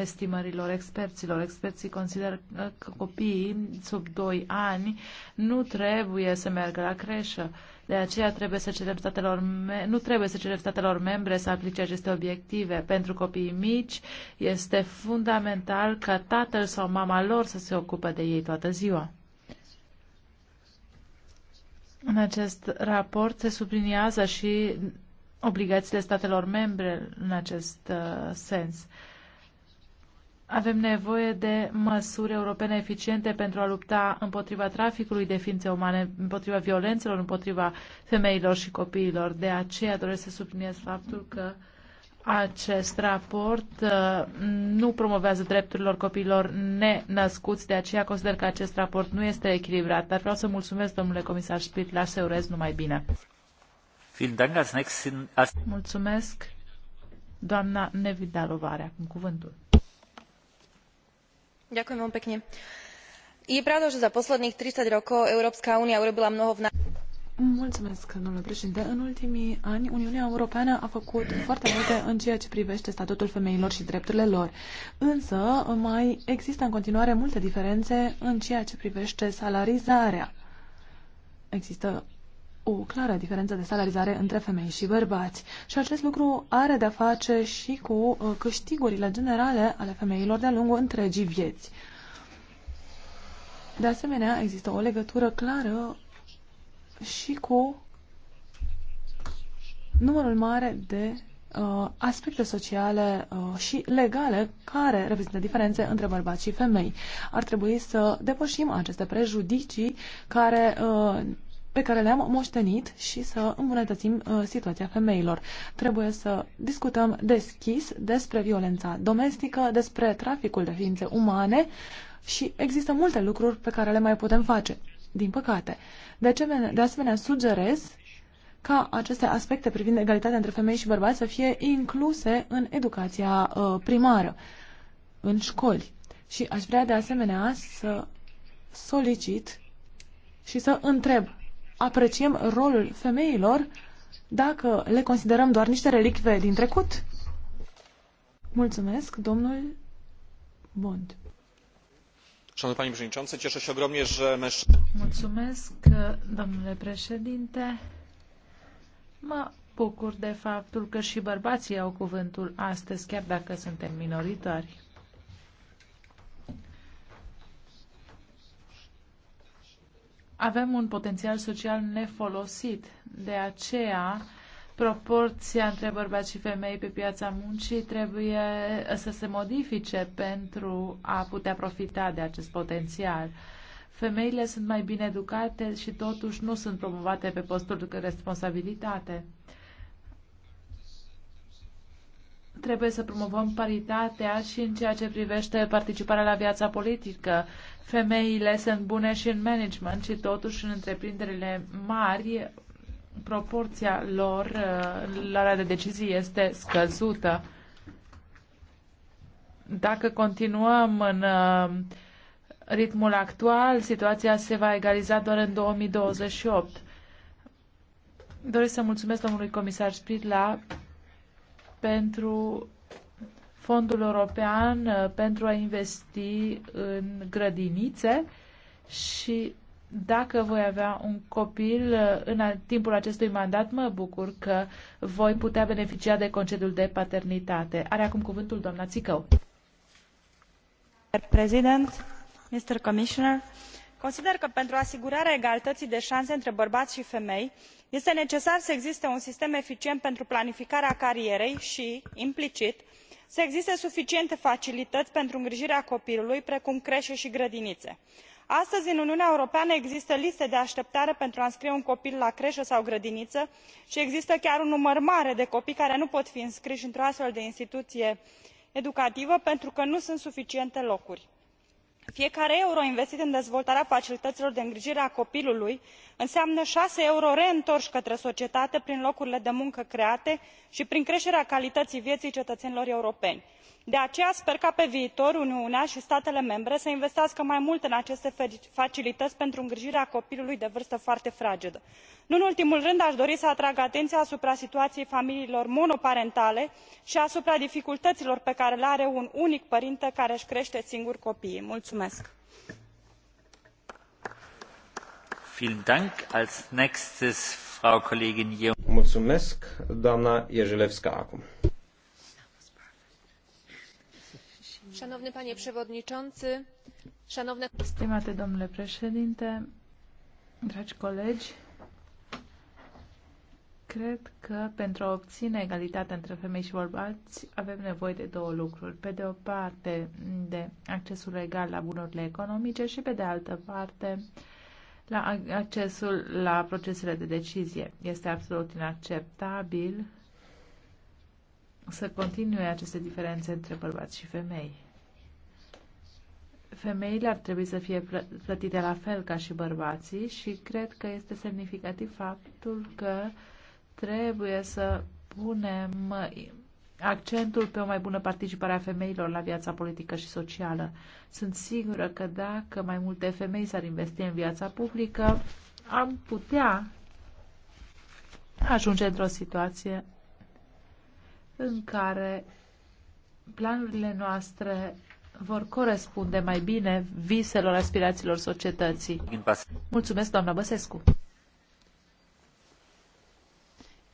S2: estimărilor experților. Experții consideră că copiii sub 2 ani nu trebuie să meargă la creșă. De aceea trebuie să cerem statelor nu trebuie să cerem statelor membre să aplice aceste obiective. Pentru copiii mici este fundamental ca tatăl sau mama lor să se ocupe de ei toată ziua. În acest raport se subliniază și obligațiile statelor membre în acest uh, sens. Avem nevoie de măsuri europene eficiente pentru a lupta împotriva traficului de ființe umane, împotriva violențelor, împotriva femeilor și copiilor. De aceea doresc să subliniez faptul că acest raport uh, nu promovează drepturilor copiilor nenăscuți, de aceea consider că acest raport nu este echilibrat. Dar vreau să mulțumesc, domnule comisar la să urez numai bine. Mulțumesc. Doamna Nevidalova are acum cuvântul.
S5: Ďakujem veľmi pekne. Je pravda, že za posledných 30 rokov Európska únia urobila mnoho v...
S2: Mulțumesc,
S3: domnule președinte. În ultimii ani, Uniunea Europeană a făcut foarte multe în ceea ce privește statutul femeilor și drepturile lor. Însă, mai există în continuare multe diferențe în ceea ce privește salarizarea. Există o clară diferență de salarizare între femei și bărbați. Și acest lucru are de-a face și cu uh, câștigurile generale ale femeilor de-a lungul întregii vieți. De asemenea, există o legătură clară și cu numărul mare de uh, aspecte sociale uh, și legale care reprezintă diferențe între bărbați și femei. Ar trebui să depășim aceste prejudicii care uh, pe care le-am moștenit și să îmbunătățim uh, situația femeilor. Trebuie să discutăm deschis despre violența domestică, despre traficul de ființe umane și există multe lucruri pe care le mai putem face, din păcate. De, ce, de asemenea, sugerez ca aceste aspecte privind egalitatea între femei și bărbați să fie incluse în educația uh, primară, în școli. Și aș vrea de asemenea să solicit și să întreb apreciem rolul femeilor dacă le considerăm doar niște relicve din trecut?
S2: Mulțumesc, domnul Bond.
S1: Szanowny Panie Przewodniczący, cieszę się ogromnie, że mężczyzna...
S2: Mulțumesc, domnule președinte. Mă bucur de faptul că și bărbații au cuvântul astăzi, chiar dacă suntem minoritari. avem un potențial social nefolosit. De aceea, proporția între bărbați și femei pe piața muncii trebuie să se modifice pentru a putea profita de acest potențial. Femeile sunt mai bine educate și totuși nu sunt promovate pe posturi de responsabilitate. Trebuie să promovăm paritatea și în ceea ce privește participarea la viața politică, femeile sunt bune și în management și totuși în întreprinderile mari proporția lor uh, la ora de decizii este scăzută. Dacă continuăm în uh, ritmul actual, situația se va egaliza doar în 2028. Doresc să mulțumesc domnului comisar Spitla pentru Fondul European uh, pentru a investi în grădinițe și dacă voi avea un copil uh, în timpul acestui mandat, mă bucur că voi putea beneficia de concediul de paternitate. Are acum cuvântul doamna Țicău. President, Mr. Commissioner,
S5: consider că pentru asigurarea egalității de șanse între bărbați și femei este necesar să existe un sistem eficient pentru planificarea carierei și, implicit, să existe suficiente facilităi pentru îngrijirea copilului precum cree i grădinițe. astăzi în uniunea europeană există liste de ateptare pentru a înscrie un copil la creă sau grădiniă i există chiar un număr mare de copii care nu pot fi înscrii într o astfel de instituie educativă pentru că nu sunt suficiente locuri fiecare euro investit în dezvoltarea facilităilor de îngrijire a copilului înseamnă ase euro reîntori către societate prin locurile de muncă create i prin creterea calității vieții cetățenilor europeni de aceea sper ca pe viitor uniunea i statele membre să investească mai mult în aceste facilităi pentru îngrijirea copilului de vârstă foarte fragedă. nu în ultimul rând a dori să atrag atenia asupra situaiei familiilor monoparentale i asupra dificultăilor pe care le are un unic părinte care îi crete singur copiii. Mulțumesc,
S1: acum.
S7: Szanowny panie przewodniczący, szanowne... Stimate
S2: domnule președinte, dragi colegi, cred că pentru a obține egalitatea între femei și bărbați avem nevoie de două lucruri. Pe de o parte, de accesul egal la bunurile economice și pe de altă parte, la accesul la procesele de decizie. Este absolut inacceptabil să continue aceste diferențe între bărbați și femei femeile ar trebui să fie plătite la fel ca și bărbații și cred că este semnificativ faptul că trebuie să punem accentul pe o mai bună participare a femeilor la viața politică și socială. Sunt sigură că dacă mai multe femei s-ar investi în viața publică, am putea ajunge într-o situație în care planurile noastre vor corespunde mai bine viselor, aspirațiilor societății. Mulțumesc, doamna Băsescu.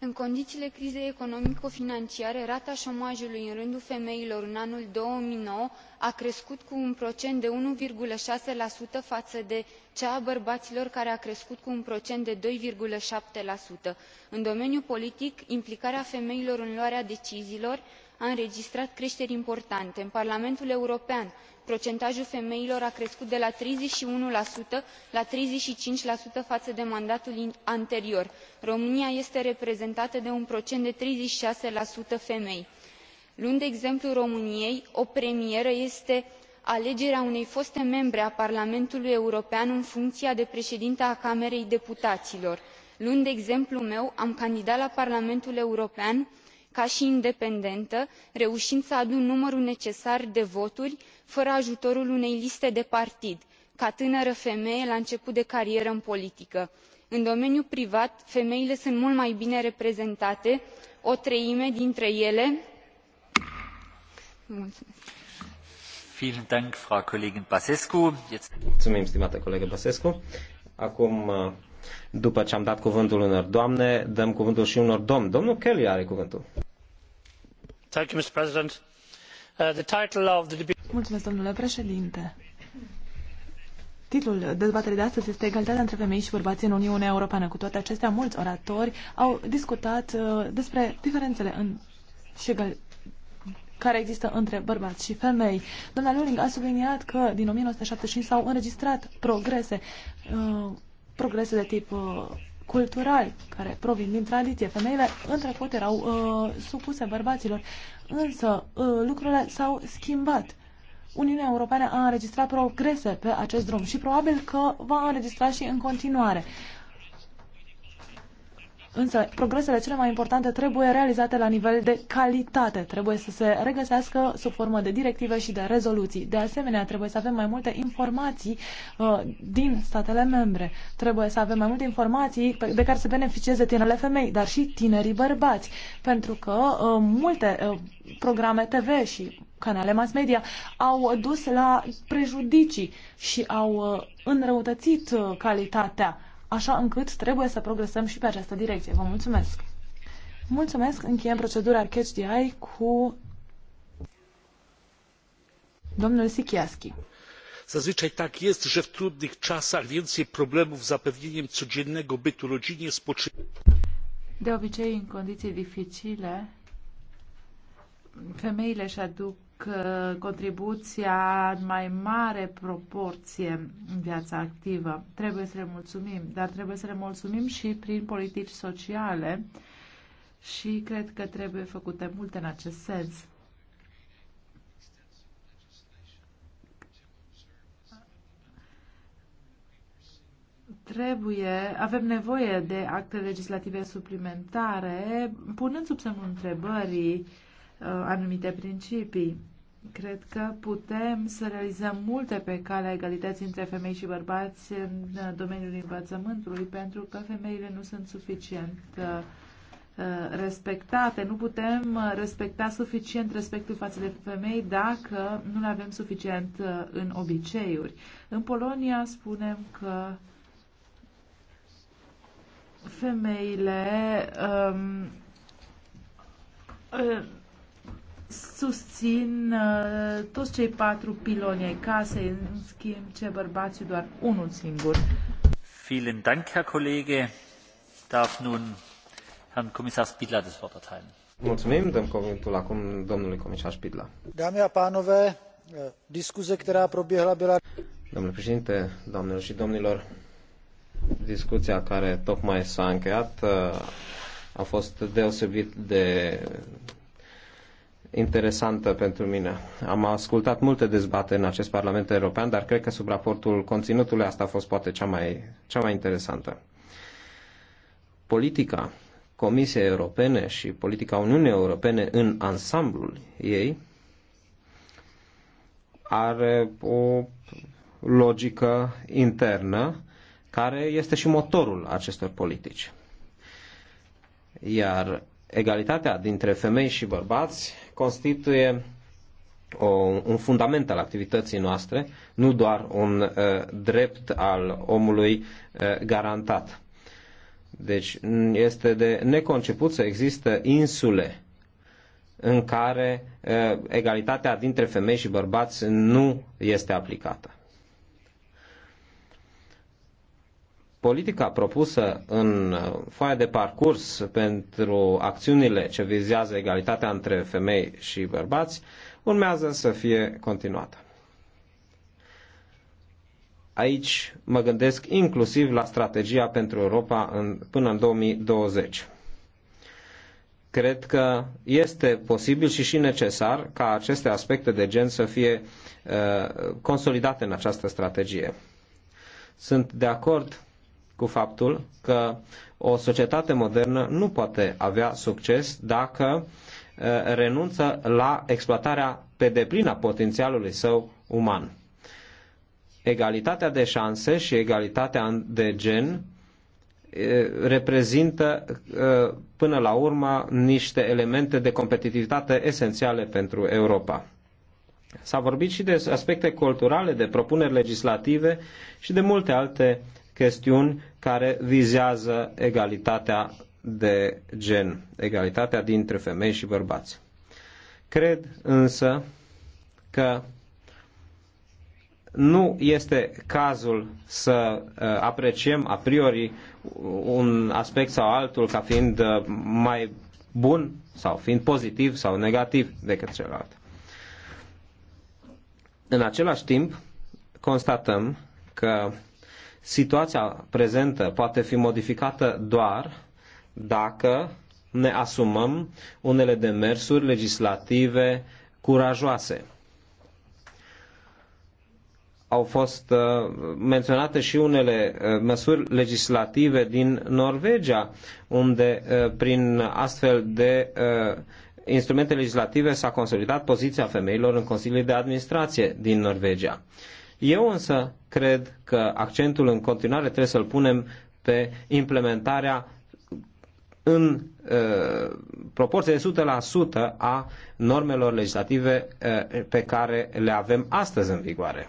S7: În condițiile crizei economico-financiare, rata șomajului în rândul femeilor în anul 2009 a crescut cu un procent de 1,6% față de cea a bărbaților care a crescut cu un procent de. doi șapte în domeniul politic implicarea femeilor în luarea deciziilor a înregistrat creteri importante în parlamentul european procentajul femeilor a crescut de la treizeci și unu la treizeci și cinci faă de mandatul anterior românia este reprezentată de un procent de treizeci și șase femei. luând exemplul româniei o premieră este alegerea unei foste membre a parlamentului european în funcia de preedintă a camerei deputailor. luând exemplul meu am candidat la parlamentul european ca i independentă reuind să adune numărul necesar de voturi fără ajutorul unei liste de partid ca tânără femeie la început de carieră în politică. în domeniul privat femeile sunt mult mai bine reprezentate o treime dintre ele
S1: Acum după ce am dat cuvântul unor doamne, dăm cuvântul și unor domni. Domnul Kelly are cuvântul.
S4: Thank you, Mr. President. Uh, the title of the debate...
S3: Mulțumesc, domnule președinte. Titlul dezbaterii de astăzi este Egalitatea între femei și bărbați în Uniunea Europeană. Cu toate acestea, mulți oratori au discutat uh, despre diferențele în și egal care există între bărbați și femei. Doamna Luring a subliniat că din 1975 s-au înregistrat progrese uh, progrese de tip uh, cultural, care provin din tradiție. Femeile în trecut erau uh, supuse bărbaților, însă uh, lucrurile s-au schimbat. Uniunea Europeană a înregistrat progrese pe acest drum și probabil că va înregistra și în continuare. Însă progresele cele mai importante trebuie realizate la nivel de calitate, trebuie să se regăsească sub formă de directive și de rezoluții. De asemenea, trebuie să avem mai multe informații uh, din statele membre, trebuie să avem mai multe informații de care să beneficieze tinerele femei, dar și tinerii bărbați, pentru că uh, multe uh, programe TV și canale mass media au dus la prejudicii și au uh, înrăutățit uh, calitatea așa încât trebuie să progresăm și pe această direcție. Vă mulțumesc! Mulțumesc! Încheiem procedura Catch the Eye cu domnul Sikiaschi.
S4: Zazwyczaj tak jest, że w trudnych czasach więcej problemów z zapewnieniem codziennego bytu rodzinie spoczywa.
S2: De obicei, în condiții dificile, femeile își aduc contribuția în mai mare proporție în viața activă. Trebuie să le mulțumim, dar trebuie să le mulțumim și prin politici sociale și cred că trebuie făcute multe în acest sens. trebuie, avem nevoie de acte legislative suplimentare, punând sub semnul întrebării uh, anumite principii. Cred că putem să realizăm multe pe calea egalității între femei și bărbați în uh, domeniul învățământului, pentru că femeile nu sunt suficient uh, uh, respectate. Nu putem respecta suficient respectul față de femei dacă nu le avem suficient în obiceiuri. În Polonia spunem că femeile um, susțin uh, toți cei patru piloni ai casei, în schimb ce bărbații doar unul singur.
S4: Vielen Dank, Herr Kollege. Darf nun Herrn Kommissar Spidla das Wort erteilen.
S1: Mulțumim, dăm cuvântul acum domnului comisar Spidla.
S4: Dame a pánové, diskuze, která proběhla, byla...
S1: Domnule președinte, doamnelor și domnilor, discuția care tocmai s-a încheiat uh, a fost deosebit de interesantă pentru mine. Am ascultat multe dezbateri în acest Parlament European, dar cred că sub raportul conținutului asta a fost poate cea mai, cea mai interesantă. Politica Comisiei Europene și politica Uniunii Europene în ansamblul ei are o logică internă care este și motorul acestor politici. Iar egalitatea dintre femei și bărbați constituie o, un fundament al activității noastre, nu doar un uh, drept al omului uh, garantat. Deci este de neconceput să există insule în care uh, egalitatea dintre femei și bărbați nu este aplicată. politica propusă în uh, foaia de parcurs pentru acțiunile ce vizează egalitatea între femei și bărbați urmează să fie continuată. Aici mă gândesc inclusiv la strategia pentru Europa în, până în 2020. Cred că este posibil și și necesar ca aceste aspecte de gen să fie uh, consolidate în această strategie. Sunt de acord cu faptul că o societate modernă nu poate avea succes dacă uh, renunță la exploatarea pe deplin a potențialului său uman. Egalitatea de șanse și egalitatea de gen uh, reprezintă uh, până la urmă niște elemente de competitivitate esențiale pentru Europa. S-a vorbit și de aspecte culturale, de propuneri legislative și de multe alte chestiuni care vizează egalitatea de gen, egalitatea dintre femei și bărbați. Cred însă că nu este cazul să uh, apreciem a priori un aspect sau altul ca fiind uh, mai bun sau fiind pozitiv sau negativ decât celălalt. În același timp, constatăm că situația prezentă poate fi modificată doar dacă ne asumăm unele demersuri legislative curajoase. Au fost uh, menționate și unele uh, măsuri legislative din Norvegia, unde uh, prin astfel de instrumente legislative s-a consolidat poziția femeilor în Consiliul de Administrație din Norvegia. Eu însă cred că accentul în continuare trebuie să-l punem pe implementarea în uh, proporție de 100% a normelor legislative uh, pe care le avem astăzi în vigoare.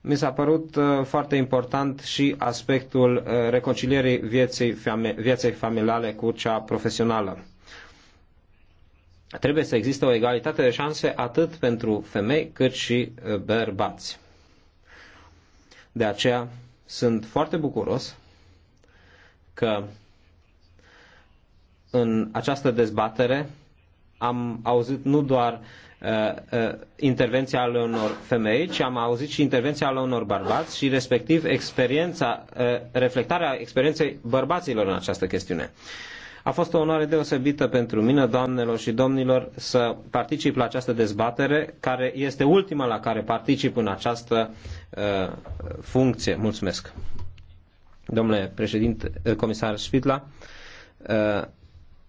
S1: Mi s-a părut uh, foarte important și aspectul uh, reconcilierii vieții, fami- vieții familiale cu cea profesională trebuie să existe o egalitate de șanse atât pentru femei cât și uh, bărbați. De aceea sunt foarte bucuros că în această dezbatere am auzit nu doar uh, uh, intervenția ale unor femei, ci am auzit și intervenția ale unor bărbați și respectiv experiența, reflectarea experienței bărbaților în această chestiune. Uh, a fost o onoare deosebită pentru mine, doamnelor și domnilor, să particip la această dezbatere, care este ultima la care particip în această uh, funcție. Mulțumesc. Domnule președinte, uh, comisar Spitla, uh,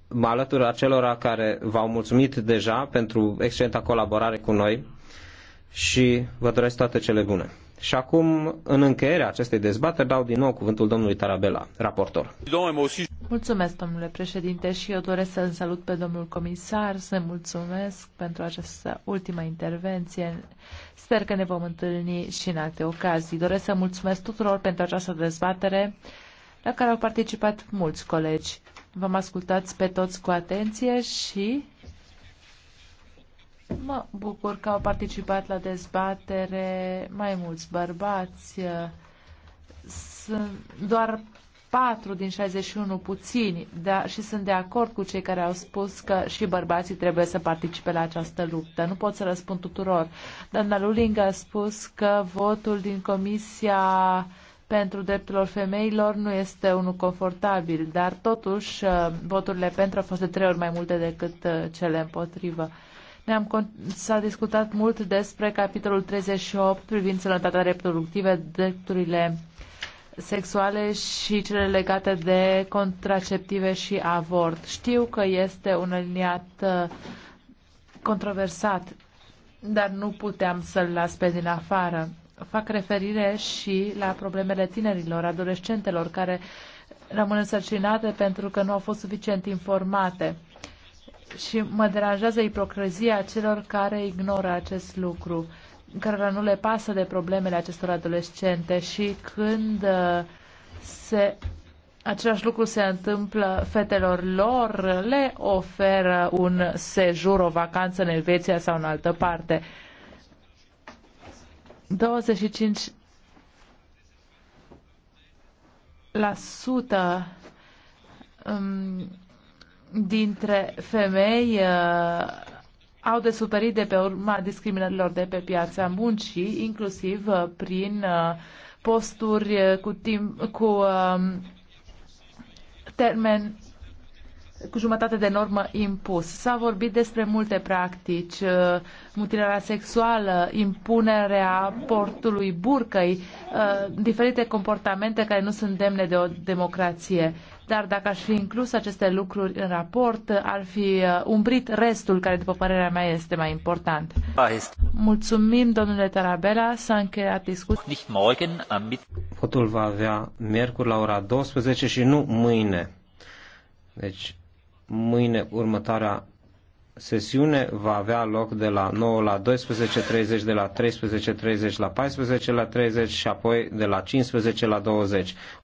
S1: mă alătur acelora care v-au mulțumit deja pentru excelenta colaborare cu noi și vă doresc toate cele bune. Și acum, în încheierea acestei dezbateri, dau din nou cuvântul domnului Tarabela, raportor.
S2: Mulțumesc, domnule președinte, și eu doresc să-l salut pe domnul comisar, să mulțumesc pentru această ultimă intervenție. Sper că ne vom întâlni și în alte ocazii. Doresc să mulțumesc tuturor pentru această dezbatere la care au participat mulți colegi. V-am ascultat pe toți cu atenție și Mă bucur că au participat la dezbatere mai mulți bărbați. Sunt doar 4 din 61 puțini da, și sunt de acord cu cei care au spus că și bărbații trebuie să participe la această luptă. Nu pot să răspund tuturor. Doamna Luling a spus că votul din Comisia pentru drepturile femeilor nu este unul confortabil, dar totuși uh, voturile pentru au fost de trei ori mai multe decât uh, cele împotrivă. Ne-am, s-a discutat mult despre capitolul 38 privind sănătatea reproductivă, drepturile sexuale și cele legate de contraceptive și avort. Știu că este un aliniat uh, controversat, dar nu puteam să-l las pe din afară. Fac referire și la problemele tinerilor, adolescentelor, care rămân însărcinate pentru că nu au fost suficient informate și mă deranjează ipocrizia celor care ignoră acest lucru, care nu le pasă de problemele acestor adolescente și când uh, se, același lucru se întâmplă fetelor lor, le oferă un sejur, o vacanță în Elveția sau în altă parte. 25 la sută um, dintre femei uh, au de suferit de pe urma discriminărilor de pe piața muncii, inclusiv uh, prin uh, posturi uh, cu timp cu uh, termen cu jumătate de normă impus. S-a vorbit despre multe practici, uh, mutilarea sexuală, impunerea portului burcăi, uh, diferite comportamente care nu sunt demne de o democrație dar dacă aș fi inclus aceste lucruri în raport, ar fi uh, umbrit restul, care, după părerea mea, este mai important. Da, Mulțumim, domnule Tarabella, s-a încheiat discuția.
S1: Votul va avea miercuri la ora 12 și nu mâine. Deci, mâine următoarea sesiune va avea loc de la 9 la 12.30, de la 13.30 la 14.30 și apoi de la 15 la 20.